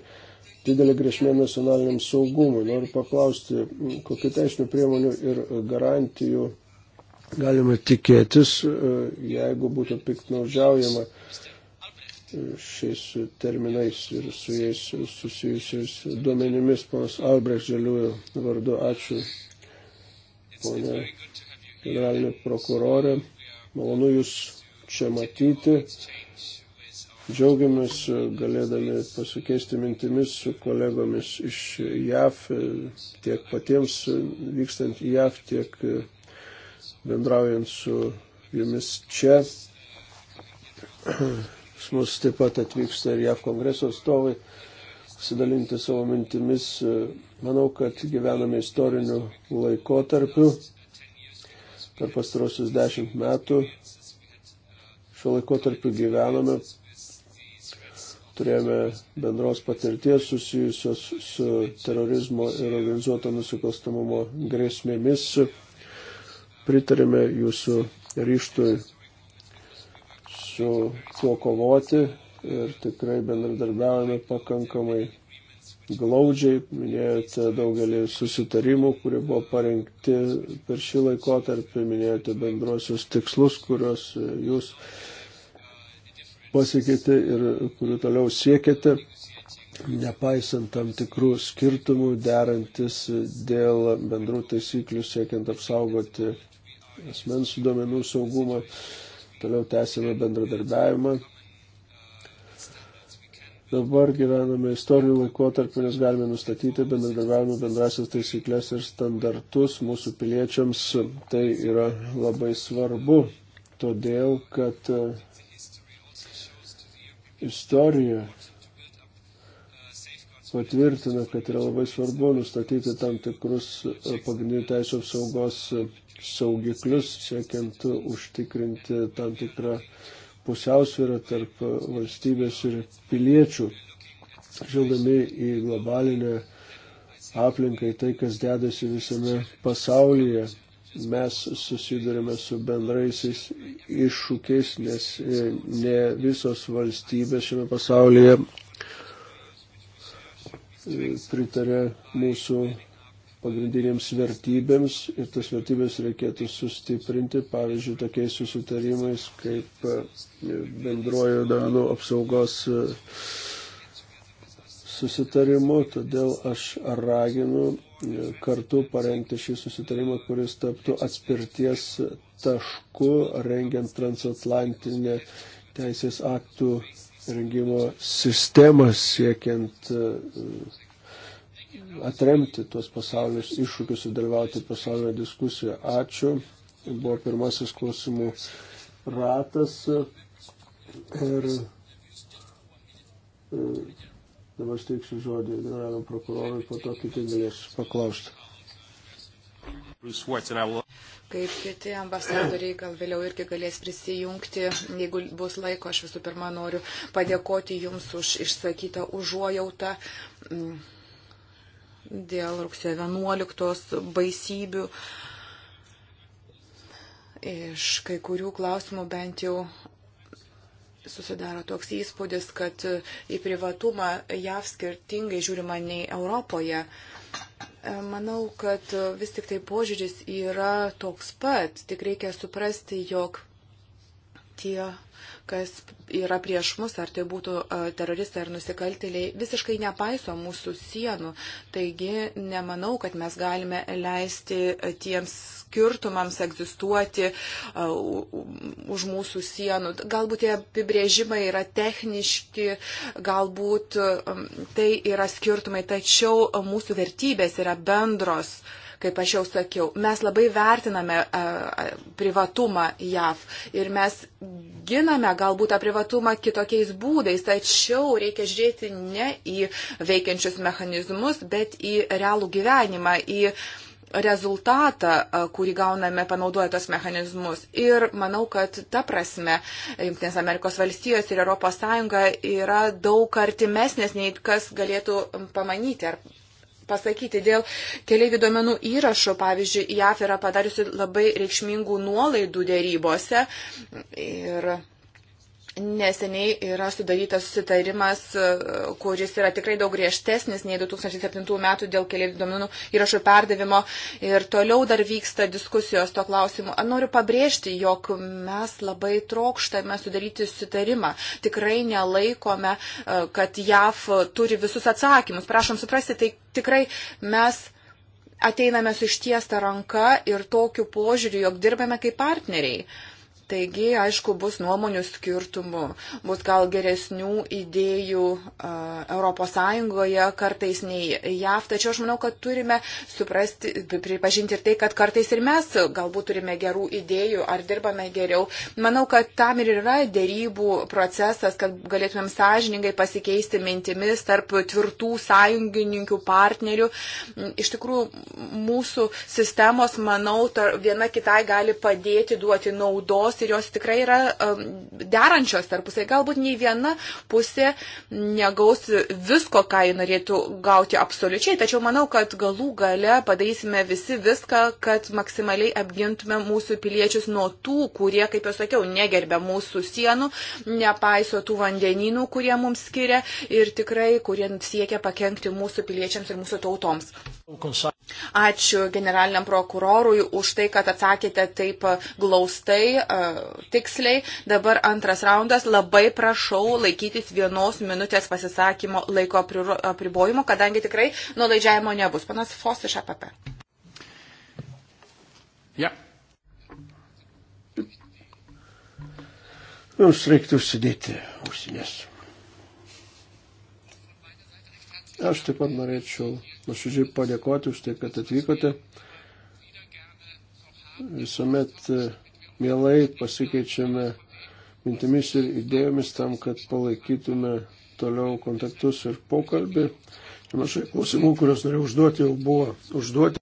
didelė grėsmė nacionaliniam saugumui. Noriu paklausti, kokiu teisinių priemonių ir garantijų galima tikėtis, e, jeigu būtų piktnaudžiaujama e, šiais terminais ir su jais susijusiais duomenimis, ponas Albrecht Žaliųjų vardu, ačiū, ponė generalinė prokurorė, malonu Jūs čia matyti. Džiaugiamės galėdami pasikeisti mintimis su kolegomis iš JAV, tiek patiems vykstant į JAV, tiek bendraujant su jumis čia. Pas mus taip pat atvyksta ir JAV kongreso atstovai pasidalinti savo mintimis. Manau, kad gyvename istoriniu laikotarpiu. Per pastarosius dešimt metų šio laikotarpiu gyvename, turėjome bendros patirties susijusios su terorizmo ir organizuoto nusikalstamumo grėsmėmis. Pritarėme jūsų ryštui su tuo kovoti ir tikrai bendradarbiavome pakankamai glaudžiai. Minėjote daugelį susitarimų, kurie buvo parengti per šį laikotarpį, minėjote bendruosius tikslus, kuriuos jūs pasiekėte ir kurių toliau siekėte, nepaisant tam tikrų skirtumų, derantis dėl bendrų taisyklių, siekiant apsaugoti asmens duomenų saugumą. Toliau tęsėme bendradarbiavimą. Dabar gyvename istorinių laikotarpį, nes galime nustatyti bendradarbiavimo bendrasias taisyklės ir standartus mūsų piliečiams. Tai yra labai svarbu, todėl kad istorija patvirtina, kad yra labai svarbu nustatyti tam tikrus e, pagrindinių teisų apsaugos e, saugiklius, siekiant užtikrinti tam tikrą pusiausvyrą tarp e, valstybės ir piliečių, žildami į globalinę aplinką, į tai, kas dedasi visame pasaulyje mes susidurime su bendraisiais iššūkiais, nes e, ne visos valstybės šiame pasaulyje e, pritarė mūsų pagrindinėms vertybėms ir tas vertybės reikėtų sustiprinti, pavyzdžiui, tokiais susitarimais kaip e, bendrojo duomenų apsaugos susitarimu, todėl aš raginu kartu parengti šį susitarimą, kuris taptų atspirties tašku, rengiant transatlantinę teisės aktų rengimo sistemą, siekiant e, atremti tuos pasaulius iššūkius ir dalyvauti pasaulio diskusijoje. Ačiū. Buvo pirmasis klausimų ratas. Ir e, Dabar steiksiu žodį generaliniam prokurorui, po to kiti galės paklausti. Kaip kiti ambasadoriai, gal vėliau irgi galės prisijungti, jeigu bus laiko, aš visų pirma noriu padėkoti Jums už išsakytą užuojautą mm, dėl rugsėjo 11 baisybių. Iš kai kurių klausimų bent jau susidaro toks įspūdis, kad e, į privatumą JAV skirtingai žiūrima nei Europoje. E, manau, kad e, vis tik tai požiūris yra toks pat, tik reikia suprasti, jog tie kas yra prieš mus, ar tai būtų e, teroristai ar nusikaltėliai, visiškai nepaiso mūsų sienų. Taigi nemanau, kad mes galime leisti e, tiems skirtumams egzistuoti e, už mūsų sienų. Galbūt tie apibrėžimai yra techniški, galbūt tai yra skirtumai, tačiau mūsų vertybės yra bendros. Uh, Kaip aš jau sakiau, mes labai vertiname privatumą JAV ir mes giname galbūt tą privatumą kitokiais būdais, tačiau reikia žiūrėti ne į veikiančius mechanizmus, bet į realų gyvenimą, į rezultatą, kurį gauname panaudoję tos mechanizmus. Ir manau, kad ta prasme Junktinės Amerikos valstijos ir ES yra daug artimesnės, nei kas galėtų pamanyti ar pasakyti. Dėl keliaivių duomenų įrašo, pavyzdžiui, JAF yra padariusi labai reikšmingų nuolaidų dėrybose. Ir neseniai yra sudarytas susitarimas, e, kuris yra tikrai daug griežtesnis nei 2007 metų dėl keliaivių duomenų įrašų perdavimo ir toliau dar vyksta diskusijos to klausimu. Noriu pabrėžti, jog mes labai trokštame sudaryti susitarimą. Tikrai nelaikome, e, kad JAF turi visus atsakymus. Prašom suprasti, tai tikrai mes ateiname su ištiesta ranka ir tokiu požiūriu, jog dirbame kaip partneriai. Uh, Taigi, aišku, bus nuomonių skirtumų, bus gal geresnių idėjų ES kartais nei JAV, tačiau aš manau, kad turime suprasti, pripažinti ir tai, kad kartais ir mes galbūt turime gerų idėjų ar dirbame geriau. Manau, kad tam ir yra dėrybų procesas, kad galėtumėm sąžiningai pasikeisti mintimis tarp tvirtų sąjungininkių partnerių. Iš tikrųjų, mūsų sistemos, manau, viena kitai gali padėti duoti naudos sistemos ir jos tikrai yra um, derančios tarpusai. Galbūt nei viena pusė negaus visko, ką ji norėtų gauti absoliučiai, tačiau manau, kad galų gale padarysime visi viską, kad maksimaliai apgintume mūsų piliečius nuo tų, kurie, kaip jau sakiau, negerbė mūsų sienų, nepaiso tų vandeninų, kurie mums skiria ir tikrai, kurie siekia pakengti mūsų piliečiams ir mūsų tautoms. Konsa Ačiū generaliniam prokurorui už tai, kad atsakėte taip glaustai, e, tiksliai. Dabar antras raundas. Labai prašau laikytis vienos minutės pasisakymo laiko apribojimo, kadangi tikrai nuolaidžiavimo nebus. Panas Fos iš APP. Ja. Jums reiktų užsidėti ausinės. Aš taip pat norėčiau nuoširdžiai padėkoti už tai, kad atvykote. Visuomet e, mielai pasikeičiame mintimis ir idėjomis tam, kad palaikytume toliau kontaktus ir pokalbį. Nemažai klausimų, kuriuos norėjau užduoti, jau buvo užduoti.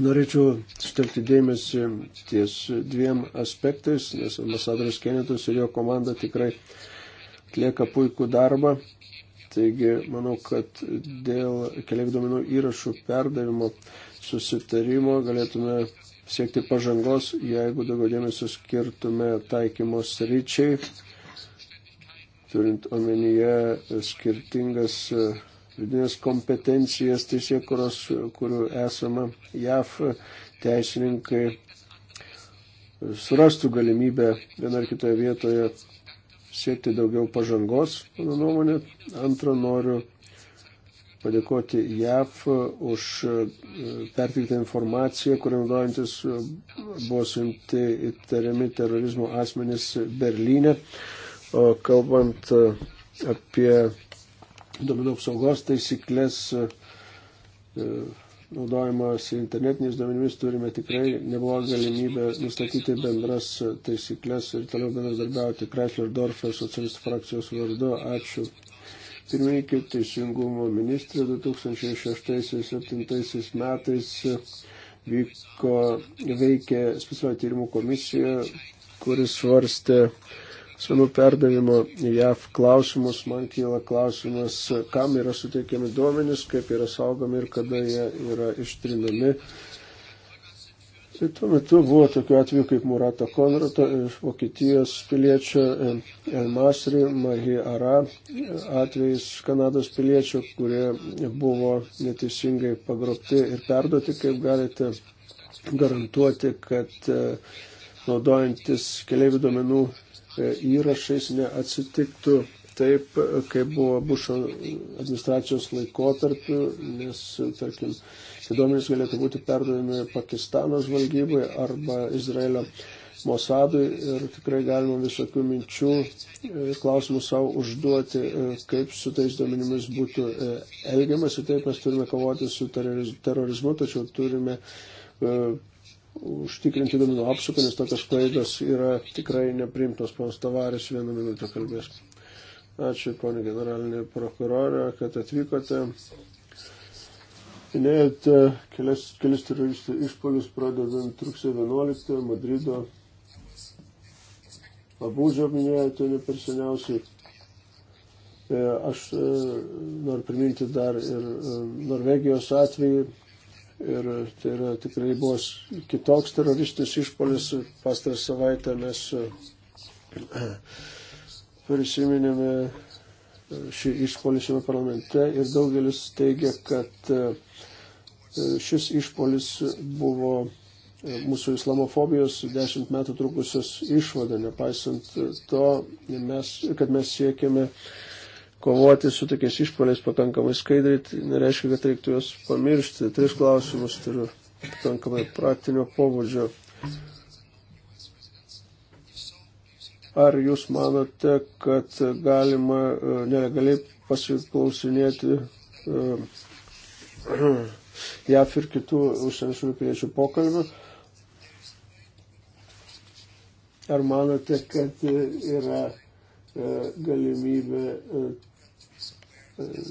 Norėčiau sutelkti dėmesį ties dviem aspektais, nes ambasadoris Kenetas ir jo komanda tikrai atlieka puikų darbą. Taigi, manau, kad dėl keliaivių duomenų įrašų perdavimo susitarimo galėtume siekti pažangos, jeigu daugiau dėmesio skirtume taikymos ryčiai, turint omenyje skirtingas e, vidinės kompetencijas teisėkuros, kurių esama JAF e, teisininkai e, surastų galimybę viena ar kitoje vietoje siekti daugiau pažangos, mano nuomonė. Antra, noriu padėkoti JAF už e, pertiktą informaciją, kurią naudojantis e, buvo suimti įtariami terorizmo asmenys Berlyne. O kalbant e, apie duomenų apsaugos taisyklės, naudojimas internetiniais duomenimis turime tikrai neblogą galimybę nustatyti bendras taisyklės ir toliau bendradarbiauti. Kreisler Dorfer socialistų frakcijos vardu. Ačiū. Pirmininkai teisingumo ministrė 2006-2007 metais vyko, veikė specialio tyrimų komisija, kuris svarstė senų perdavimo į JAV klausimus, man kyla klausimas, kam yra suteikiami duomenys, kaip yra saugomi ir kada jie yra ištrinami. Tai tuo metu buvo tokių atvejų kaip Murata Konrato iš Vokietijos piliečio, Elmasri, Mahi Ara, atvejais Kanados piliečio, kurie buvo neteisingai pagrobti ir perduoti, kaip galite garantuoti, kad e, naudojantis keliaivių duomenų E, įrašais neatsitiktų taip, kaip buvo Bušo administracijos laikotarpiu, nes, tarkim, tie duomenys galėtų būti perdodami Pakistano žvalgybai arba Izraelio Mosadui ir tikrai galima visokių minčių e, klausimų savo užduoti, e, kaip su tais duomenimis būtų elgiamas ir taip mes turime kovoti su terorizmu, tačiau turime užtikrinti duomenų apsaugą, nes tokios klaidos yra tikrai neprimtos. Ponas Tavaris vieną minutę kalbės. Ačiū, ponė generalinė prokurorė, kad atvykote. Minėjote kelias, kelias teroristų išpolius pradedant rugsėjo 11 Madrido. Abūdžio minėjote ne per seniausiai. E, aš e, noriu priminti dar ir e, Norvegijos atvejį, Ir tai yra tikrai buvo kitoks teroristas išpolis. Pastarą savaitę mes *clears throat* prisiminėme e, šį išpolį šiame parlamente ir daugelis teigia, kad e, šis išpolis buvo e, mūsų islamofobijos dešimt metų trukusios išvada, nepaisant to, mes, kad mes siekėme uh, kovoti su tokiais išpoliais pakankamai skaidriai, tai nereiškia, kad reiktų juos pamiršti. Tris klausimus turiu pakankamai praktinio pobūdžio. Ar jūs manote, kad galima e, nelegaliai pasiklausinėti e, *clears throat* JAF ir kitų užsienio šalių piliečių pokalbių? Ar manote, kad yra e, galimybė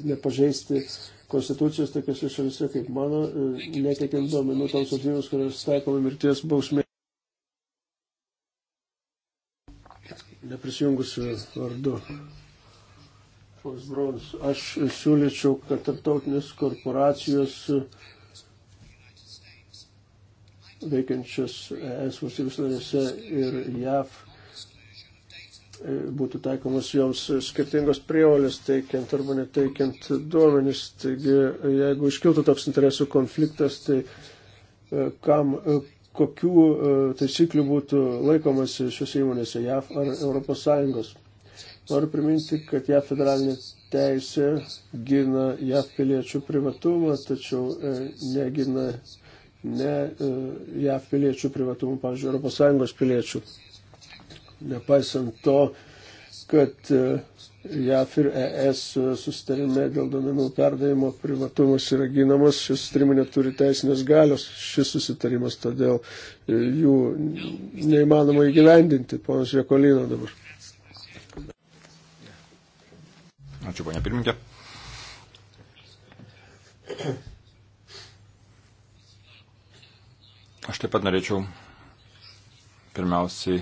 nepažeisti konstitucijos tokiuose šalise kaip mano, e, neteikiant duomenų toms asmenims, kurios taikoma mirties bausmė. Neprisijungusiu vardu. Aš siūlyčiau, kad tarptautinės korporacijos veikiančios ES valstybės narėse ir JAV E, būtų taikomas joms skirtingos prievalės teikiant arba neteikiant duomenis. Taigi, jeigu iškiltų toks interesų konfliktas, tai e, kam, e, kokių taisyklių būtų laikomasi šiuose įmonėse JAV ar ES. Noriu priminti, kad JAV federalinė teisė gina JAV piliečių privatumą, tačiau negina ne JAV piliečių privatumą, pavyzdžiui, ES piliečių nepaisant to, kad e, JAF ir ES sustarime dėl duomenų perdavimo privatumas yra ginamas, šis sustarime neturi teisinės galios, šis susitarimas, todėl e, jų neįmanoma įgyvendinti. Ponas Jekolino dabar. Ačiū, ponia pirmininkė. Aš taip pat norėčiau pirmiausiai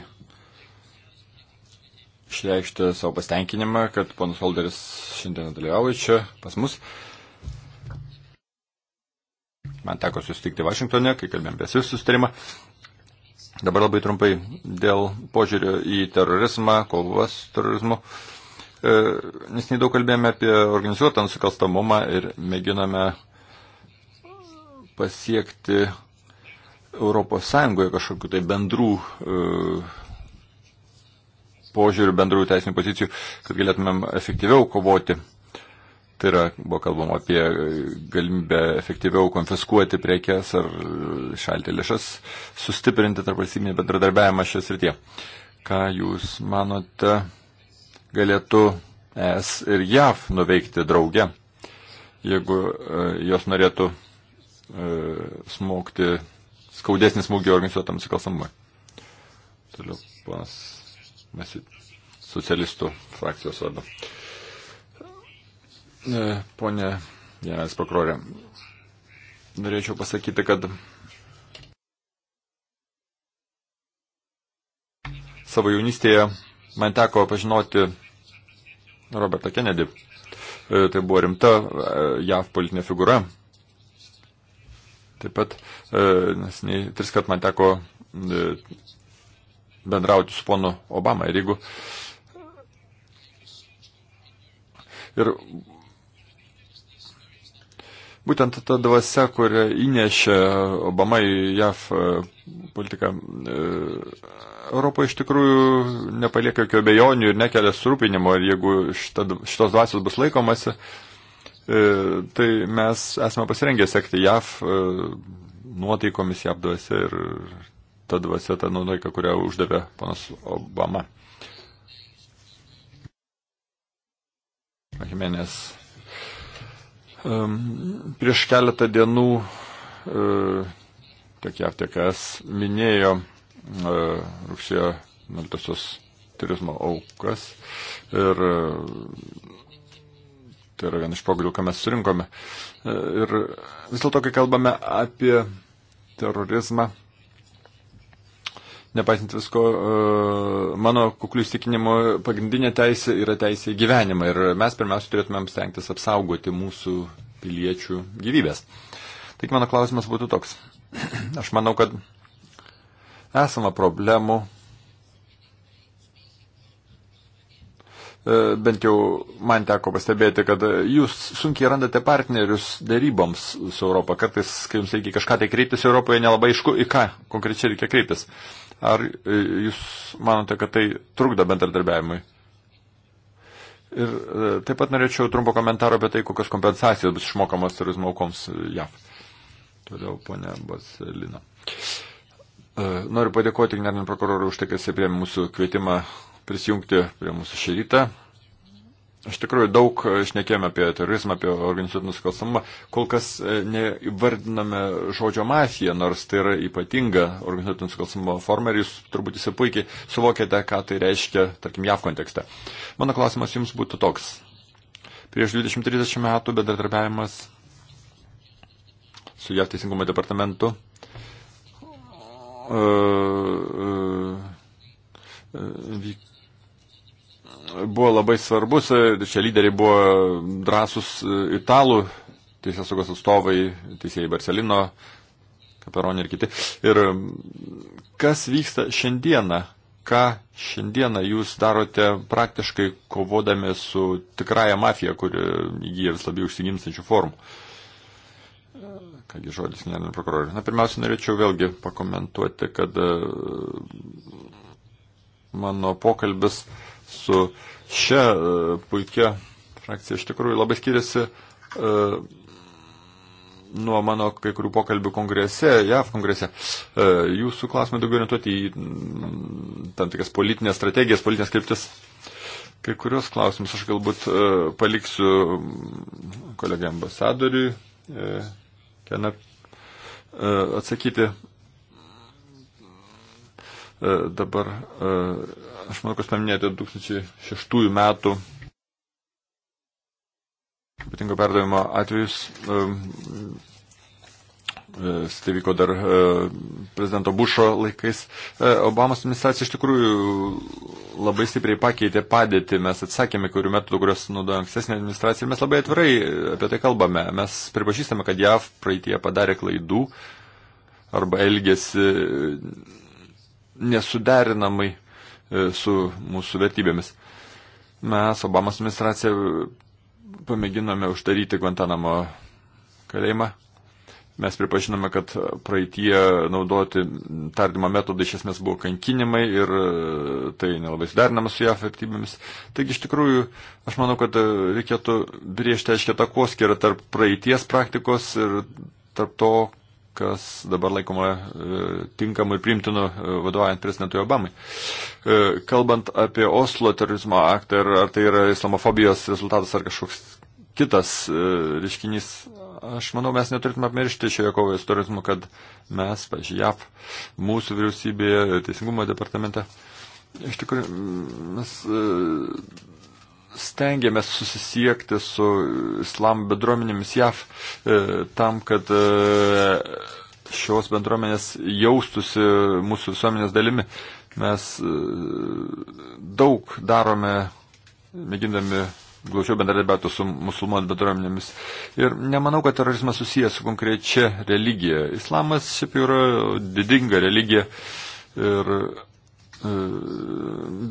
išreikšti savo pastenkinimą, kad ponas Holderis šiandien dalyvauja čia pas mus. Man teko susitikti Vašingtonė, kai kalbėjom apie SWIFT sustarimą. Dabar labai trumpai dėl požiūrio į terorizmą, kovas terorizmu. E, nes nedaug kalbėjome apie organizuotą nusikalstamumą ir mėginame pasiekti Europos Sąjungoje kažkokiu tai bendrų e, požiūrių, bendrųjų teisinių pozicijų, kad galėtumėm efektyviau kovoti. Tai yra, buvo kalbama apie galimybę efektyviau konfiskuoti prekes ar šalti lėšas, sustiprinti tarp valstybinį bendradarbiavimą šią srityje. Ką Jūs manote galėtų ES ir JAV nuveikti drauge, jeigu e, jos norėtų e, smogti skaudesnį smūgį organizuotam nusikalstamumui? Toliau, panas mes socialistų frakcijos vardu. E, Pone Janas Pakrorė, norėčiau pasakyti, kad savo jaunystėje man teko pažinoti Robertą Kennedy. E, tai buvo rimta e, JAV politinė figūra. Taip pat, nes nei, tris kart man teko bendrauti su ponu Obama. Ir jeigu ir būtent ta dvasia, kurią įnešė Obama į JAF e, politiką, e, Europoje iš tikrųjų nepalieka jokio bejonių ir nekelia surūpinimo. Ir jeigu šita, šitos dvasios bus laikomasi, e, tai mes esame pasirengę sekti JAF nuotaikomis, JAF dvasia ir ta dvasia, ta nuotaika, kurią uždavė panas Obama. Jimenės. Um, prieš keletą dienų uh, tiek JAV, tiek ES minėjo uh, rugsėjo 11 turizmo aukas ir uh, tai yra viena iš pagalių, ką mes surinkome. Uh, ir vis dėlto, kai kalbame apie terorizmą, Nepaisant visko, e, mano kuklių įsitikinimo pagrindinė teisė yra teisė į gyvenimą ir mes pirmiausia turėtumėm stengtis apsaugoti mūsų piliečių gyvybės. Taigi mano klausimas būtų toks. *clears throat* Aš manau, kad esama problemų, e, bent jau man teko pastebėti, kad jūs sunkiai randate partnerius daryboms su Europą. Kartais, kai jums reikia kažką tai kreiptis Europoje, nelabai aišku, į ką konkrečiai reikia kreiptis. Uh, Ar e, jūs manote, kad tai trukdo bendradarbiavimui? Ir e, taip pat norėčiau trumpo komentaro apie tai, kokios kompensacijos bus išmokamos turizmo aukoms JAV. Toliau, ponė Baselina. E, noriu padėkoti generaliniam prokurorui už tai, kad jisai priėmė mūsų kvietimą prisijungti prie mūsų šį rytą. Iš tikrųjų, daug e, šnekėjome apie terorizmą, apie organizuotą nusikalstamumą. Kol kas e, nevardiname žodžio mafija, nors tai yra ypatinga organizuotą nusikalstamumo forma ir jūs turbūt visi puikiai suvokėte, ką tai reiškia, tarkim, JAV kontekste. Mano klausimas jums būtų toks. Prieš 20-30 metų bedradarbiavimas su JAV teisingumo departamentu. Uh, uh, uh, buvo labai svarbus, čia e, lyderiai buvo drąsus e, italų teisės saugos atstovai, teisėjai Barcelino, Kaperonė ir kiti. Ir e, kas vyksta šiandieną? Ką šiandieną jūs darote praktiškai kovodami su tikrąją mafiją, kuri įgyja vis labiau užsigimstančių formų? Kągi žodis, generalinė prokurorė. Na, pirmiausia, norėčiau vėlgi pakomentuoti, kad mano pokalbis uh, su šia e, puikia frakcija iš tikrųjų labai skiriasi uh, nuo mano kai kurių pokalbių kongrese, JAV kongrese. Uh, jūsų klausimai daugiau orientuoti į mm, tam tikras politinės strategijas, politinės kryptis. Kai kurios klausimus aš galbūt uh, paliksiu mm, kolegai ambasadoriui, Kenat, atsakyti. E, dabar, e, aš manau, kas paminėjote 2006 metų ypatingo perdavimo atvejus. E, tai vyko dar prezidento Bušo laikais. Obamos administracija iš tikrųjų labai stipriai pakeitė padėtį. Mes atsakėme, kurių metodų, kurios naudojo ankstesnė administracija. Ir mes labai atvirai apie tai kalbame. Mes pripažįstame, kad JAV praeitie padarė klaidų arba elgėsi nesuderinamai e, su mūsų vertybėmis. Mes Obamos administracija pamėginome uždaryti Guantanamo kalėjimą. Mes pripažinome, kad praeitie naudoti tardymo metodai iš esmės buvo kankinimai ir e, tai nelabai suderinama su JAF vertybėmis. Taigi iš tikrųjų, aš manau, kad e, reikėtų briežti aiškiai tą koskirą tarp praeities praktikos ir tarp to, kas dabar laikoma e, tinkamu ir primtinu e, vadovaujant prezidentui Obamai. E, kalbant apie Oslo terorizmo aktą, ar, ar tai yra islamofobijos rezultatas ar kažkoks kitas reiškinys, aš manau, mes neturėtume apmiršti šioje kovoje su terorizmu, kad mes, pažiūrėjau, JAV, mūsų vyriausybėje, Teisingumo departamente, iš tikrųjų mes stengiamės susisiekti su islam bendruomenėmis JAV e, tam, kad e, šios bendruomenės jaustusi mūsų visuomenės dalimi. Mes e, daug darome, mėgindami glaučiau bendradarbiauti su musulmonų bendruomenėmis. Ir nemanau, kad terorizmas susijęs su konkrečia religija. Islamas šiaip yra didinga religija. Ir E,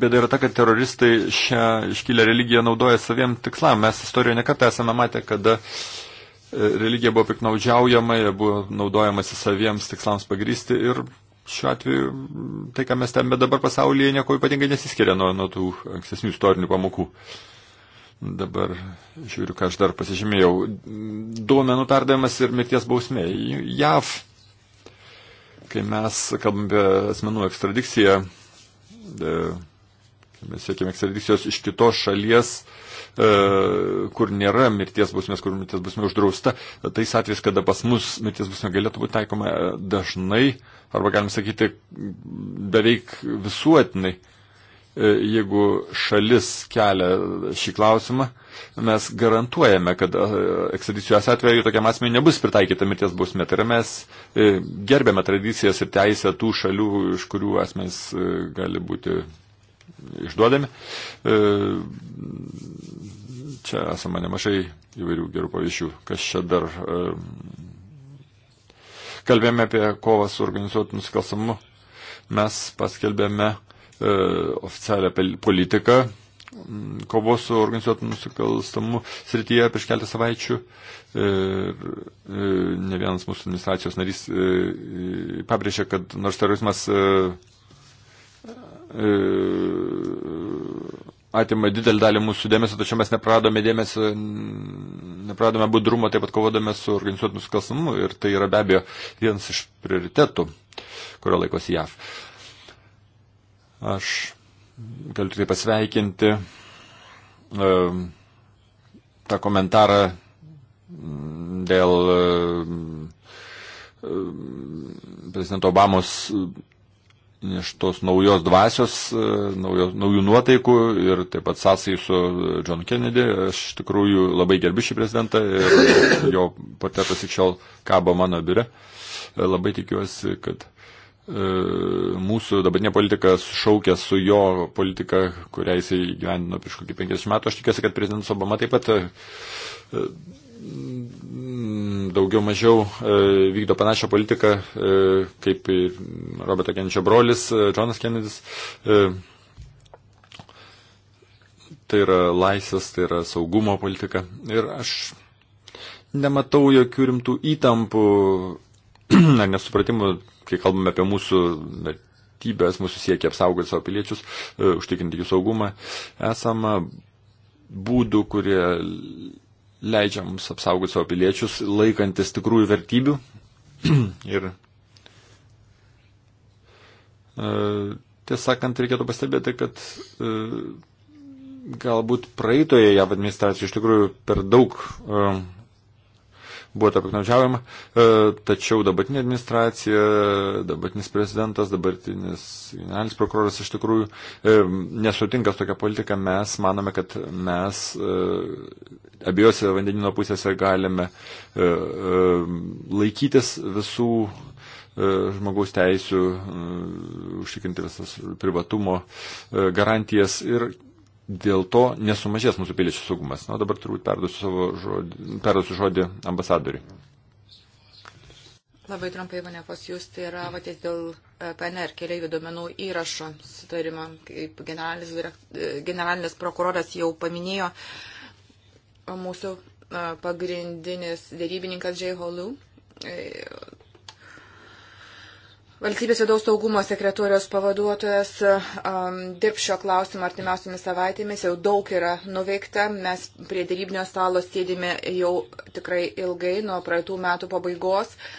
bėda yra ta, kad teroristai šią iškilę religiją naudoja saviem tikslam. Mes istorijoje nekartą esame matę, kada e, religija buvo piknaudžiaujama, jie buvo naudojamasi saviems tikslams pagrysti ir šiuo atveju tai, ką mes stebime dabar pasaulyje, nieko ypatingai nesiskiria nuo, nuo tų ankstesnių istorinių pamokų. Dabar žiūriu, ką aš dar pasižymėjau. Duomenų perdavimas ir mirties bausmė. JAV, kai mes kalbame apie asmenų ekstradikciją, E, mes siekime ekstradicijos iš kitos šalies, e, kur nėra mirties bausmės, kur mirties bausmė uždrausta. Tais atvejais, kada pas mus mirties bausmė galėtų būti taikoma e, dažnai, arba galim sakyti, beveik visuotinai. E, jeigu šalis kelia šį klausimą, mes garantuojame, kad e, ekstradicijos atveju tokiam asmeniui nebus pritaikyta mirties bausmė. Tai yra mes e, gerbėme tradicijas ir teisę tų šalių, iš kurių asmenys gali būti išduodami. Čia esame nemažai įvairių gerų pavyzdžių, kas čia dar kalbėjome apie kovą su organizuotų nusikalstamu, mes paskelbėme E, oficialią politiką mm, kovos su organizuotų nusikalstamų srityje prieš keletą savaičių. E, ir e, ne vienas mūsų administracijos narys pabrėžė, kad nors terorizmas atima didelį dalį mūsų dėmesio, tačiau mes nepradome dėmesio, nepradome budrumo, taip pat kovodame su organizuotų nusikalstamumu ir tai yra be abejo vienas iš prioritetų, kurio laikosi JAV. Uh, Aš galiu tai pasveikinti ehm, tą komentarą mm, dėl ehm, prezidento Obamos neštos naujos dvasios, e, naujo, naujų nuotaikų ir taip pat sąsai su John Kennedy. Aš tikrųjų labai gerbiu šį prezidentą ir jo portretas iki šiol kabo mano biure. E, labai tikiuosi, kad E, mūsų dabartinė politika šaukia su jo politika, kurią jisai gyvendino prieš kokį 50 metų. Aš tikiuosi, kad prezidentas Obama taip pat e, mm, daugiau mažiau e, vykdo panašią politiką, kaip ir Roberto Kenčio brolis, Jonas Kennedys. Tai yra laisvės, tai yra saugumo politika. Ir aš nematau jokių rimtų įtampų *clears throat* ar nesupratimų, kai kalbame apie mūsų vertybės, mūsų siekia apsaugoti savo piliečius, e, užtikrinti jų saugumą, esama būdų, kurie leidžia mums apsaugoti savo piliečius, laikantis tikrųjų vertybių. *clears throat* ir e, tiesą sakant, reikėtų pastebėti, kad e, galbūt praeitoje JAV administracija iš tikrųjų per daug buvo to piknaudžiaujama, e, tačiau dabartinė administracija, dabartinis prezidentas, dabartinis generalinis prokuroras iš tikrųjų e, nesutinka su tokia politika. Mes manome, kad mes e, abiejose vandenino pusėse galime laikytis visų žmogaus teisų, užtikrinti visas privatumo garantijas ir dėl to nesumažės mūsų piliečių saugumas. Na, dabar turbūt perduosiu, savo žodį, perduosiu žodį ambasadoriui. Labai trumpai, mane pas jūs teiravotės dėl e, PNR keliaivių duomenų įrašo sutarimą, kaip generalinis, e, generalinis prokuroras jau paminėjo mūsų e, pagrindinis dėrybininkas J. Holu Valstybės vidaus saugumo sekretorijos pavaduotojas um, dirb šio klausimo artimiausiamis savaitėmis, jau daug yra nuveikta, mes prie dėrybinio stalo sėdime jau tikrai ilgai, nuo praeitų metų pabaigos. Uh,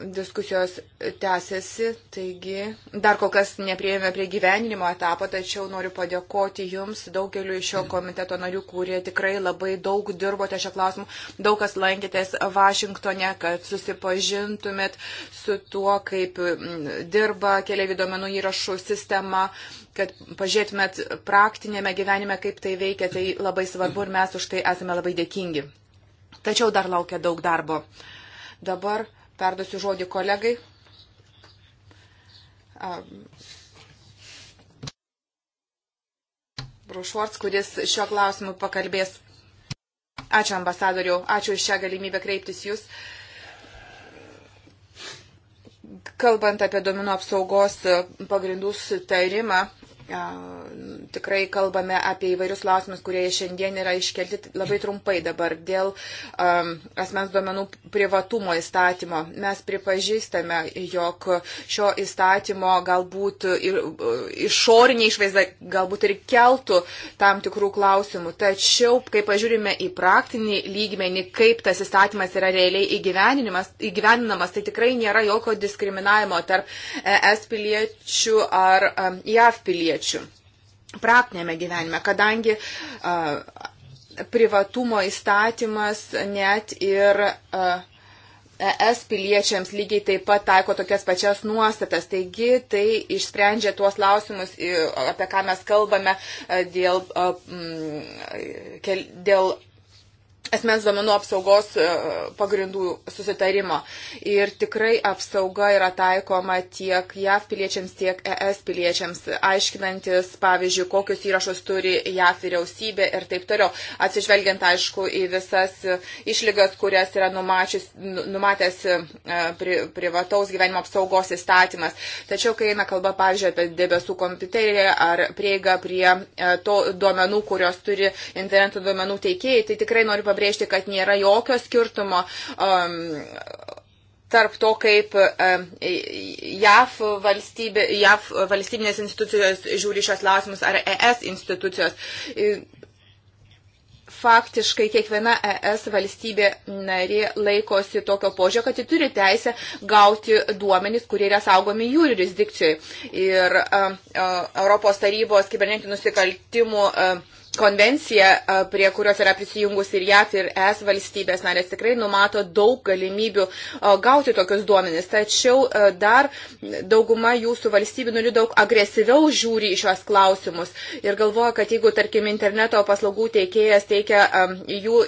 diskusijos tęsiasi, taigi dar kol kas neprieėmė prie gyvenimo etapo, tačiau noriu padėkoti Jums daugeliu iš šio komiteto narių, kurie tikrai labai daug dirbote šio klausimu, daug kas lankėtės Vašingtone, kad susipažintumėt su tuo, kaip mm, dirba keliaivių duomenų įrašų sistema, kad pažiūrėtumėt praktinėme gyvenime, kaip tai veikia, tai labai svarbu ir mes už tai esame labai dėkingi. Tačiau dar laukia daug darbo. Dabar perduosiu žodį kolegai. Brušvorts, kuris šiuo klausimu pakalbės. Ačiū ambasadoriu, ačiū iš šią galimybę kreiptis jūs. Kalbant apie domino apsaugos pagrindų sutarimą, Tikrai kalbame apie įvairius klausimus, kurie šiandien yra iškelti labai trumpai dabar dėl um, asmens duomenų privatumo įstatymo. Mes pripažįstame, jog šio įstatymo galbūt ir, išorinė išvaizda galbūt ir keltų tam tikrų klausimų. Tačiau, kai pažiūrime į praktinį lygmenį, kaip tas įstatymas yra realiai įgyvendinamas, tai tikrai nėra jokio diskriminavimo tarp e, ES piliečių ar e, JAV piliečių piliečių praktinėme gyvenime, kadangi privatumo įstatymas net ir ES piliečiams lygiai taip pat taiko tokias pačias nuostatas. Taigi tai išsprendžia tuos klausimus, apie ką mes kalbame e, dėl, dėl esmens domenų apsaugos e, pagrindų susitarimo. Ir tikrai apsauga yra taikoma tiek JAV piliečiams, tiek ES piliečiams, aiškinantis, pavyzdžiui, kokius įrašus turi JAV vyriausybė ir taip toliau. Atsižvelgiant, aišku, į visas išlygas, kurias yra numačius, nu, numatęs e, pri, privataus gyvenimo apsaugos įstatymas. Tačiau, kai eina kalba, pavyzdžiui, apie debesų kompiuterį ar prieigą prie e, to duomenų, kurios turi interneto duomenų teikėjai, tai tikrai noriu pabrėžti, kad nėra jokio skirtumo um, tarp to, kaip um, JAF, valstybė, JAF valstybinės institucijos žiūri šios lausimus ar ES institucijos. Faktiškai kiekviena ES valstybė narė laikosi tokio požio, kad ji turi teisę gauti duomenys, kurie yra saugomi jų jurisdikcijai. Ir a, um, a, uh, Europos tarybos kibernetinių nusikaltimų a, um, konvencija, prie kurios yra prisijungus ir JAF, ir ES valstybės narės, tikrai numato daug galimybių gauti tokius duomenis. Tačiau dar dauguma jūsų valstybių narių daug agresyviau žiūri į šios klausimus ir galvoja, kad jeigu, tarkim, interneto paslaugų teikėjas teikia jų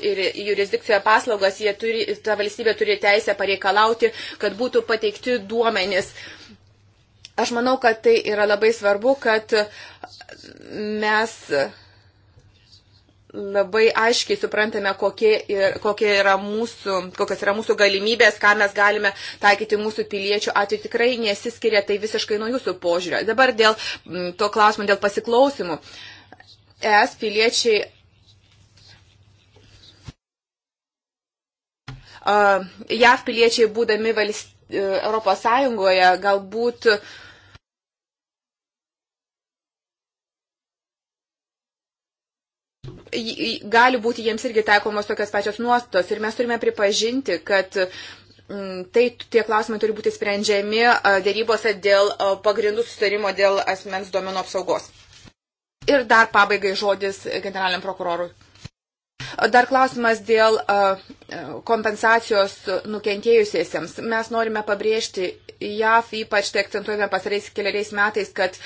jurisdikcijoje paslaugas, turi, ta valstybė turi teisę pareikalauti, kad būtų pateikti duomenis. Aš manau, kad tai yra labai svarbu, kad mes labai aiškiai suprantame, kokie, ir, kokie yra mūsų, kokios yra mūsų galimybės, ką mes galime taikyti mūsų piliečių atveju. Tikrai nesiskiria tai visiškai nuo jūsų požiūrio. Dabar dėl mm, to klausimo, dėl pasiklausimų. Es piliečiai. Uh, JAV piliečiai būdami valst, uh, Europos Sąjungoje galbūt uh, gali būti jiems irgi taikomos tokios pačios nuostos. Ir mes turime pripažinti, kad mm, tai tie klausimai turi būti sprendžiami dėrybose dėl pagrindų susitarimo dėl asmens duomenų apsaugos. Ir dar pabaigai žodis generaliniam prokurorui. Dar klausimas dėl kompensacijos nukentėjusiesiems. Mes norime pabrėžti JAV, ypač tai akcentuojame pasariais keliariais metais, kad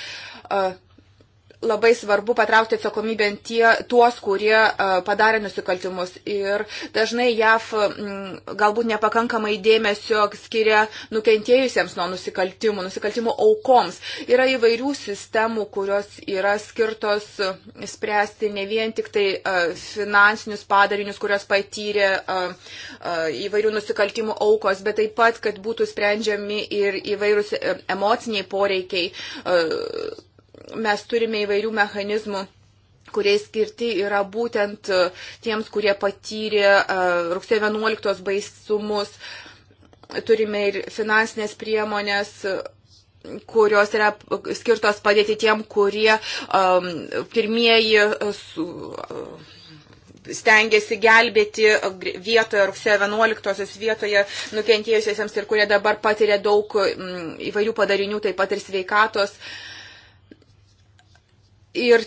labai svarbu patraukti atsakomybę tie, tuos, kurie e, padarė nusikaltimus. Ir dažnai JAF mm, galbūt nepakankamai dėmesio skiria nukentėjusiems nuo nusikaltimų, nusikaltimų aukoms. Yra įvairių sistemų, kurios yra skirtos e, spręsti ne vien tik tai e, finansinius padarinius, kurios patyrė įvairių nusikaltimų aukos, bet taip pat, kad būtų sprendžiami ir įvairūs emociniai poreikiai mes turime įvairių mechanizmų kurie skirti yra būtent e, tiems, kurie patyrė e, rugsėjo 11 baisumus. Turime ir finansinės priemonės kurios yra skirtos padėti tiem, kurie um, pirmieji su, uh, stengiasi gelbėti vietoje, rugsėjo 11-osios vietoje nukentėjusiesiems ir kurie dabar patiria daug įvairių padarinių, taip pat ir sveikatos. Uh, Ir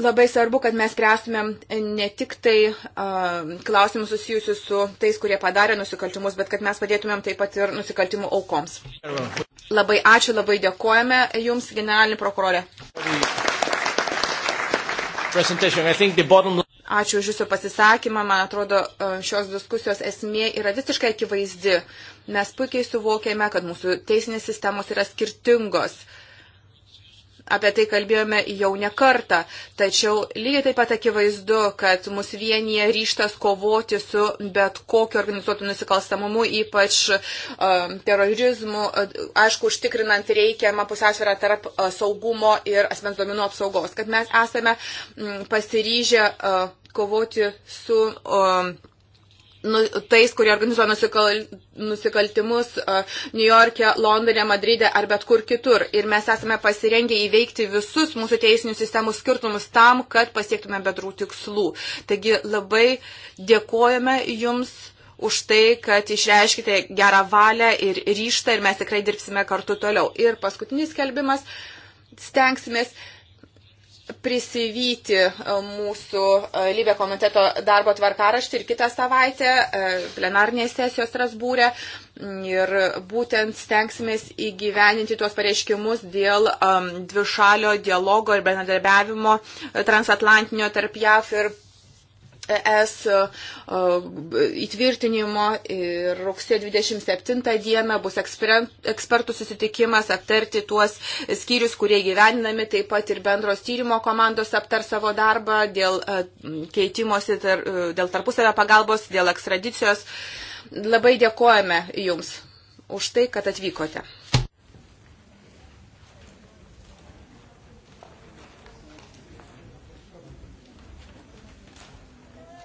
labai svarbu, kad mes spręstumėm ne tik tai uh, klausimus susijusius su tais, kurie padarė nusikaltimus, bet kad mes padėtumėm taip pat ir nusikaltimų aukoms. Labai ačiū, labai dėkojame Jums, generalinė prokurorė. Ačiū už Jūsų pasisakymą. Man atrodo, šios diskusijos esmė yra visiškai akivaizdi. Mes puikiai suvokėme, kad mūsų teisinės sistemos yra skirtingos. Uh, Apie tai kalbėjome jau ne kartą, tačiau lygiai taip pat akivaizdu, kad mus vienyje ryštas kovoti su bet kokiu organizuotu nusikalstamumu, ypač uh, terorizmu, uh, aišku, užtikrinant reikiamą pusiausvyrą tarp uh, saugumo ir asmens duomenų apsaugos, kad mes esame mm, pasiryžę uh, kovoti su. Uh, nu, tais, kurie organizuoja nusikal, nusikaltimus uh, New York'e, Londone, Madride ar bet kur kitur. Ir mes esame pasirengę įveikti visus mūsų teisinių sistemų skirtumus tam, kad pasiektume bedrų tikslų. Taigi labai dėkojame Jums už tai, kad išreiškite gerą valią ir ryštą ir mes tikrai dirbsime kartu toliau. Ir paskutinis kelbimas. Stengsimės prisivyti e, mūsų e, Lybė komiteto darbo tvarkaraštį ir kitą savaitę e, plenarnės sesijos Strasbūrė. Ir būtent stengsimės įgyveninti tuos pareiškimus dėl um, dvišalio dialogo ir bendradarbiavimo transatlantinio tarp JAF ir ES e, įtvirtinimo ir rugsėjo 27 dieną bus ekspertų susitikimas aptarti tuos skyrius, kurie gyveninami, taip pat ir bendros tyrimo komandos aptar savo darbą dėl e, keitimosi, e, dėl tarpusavio pagalbos, dėl ekstradicijos. Labai dėkojame Jums už tai, kad atvykote.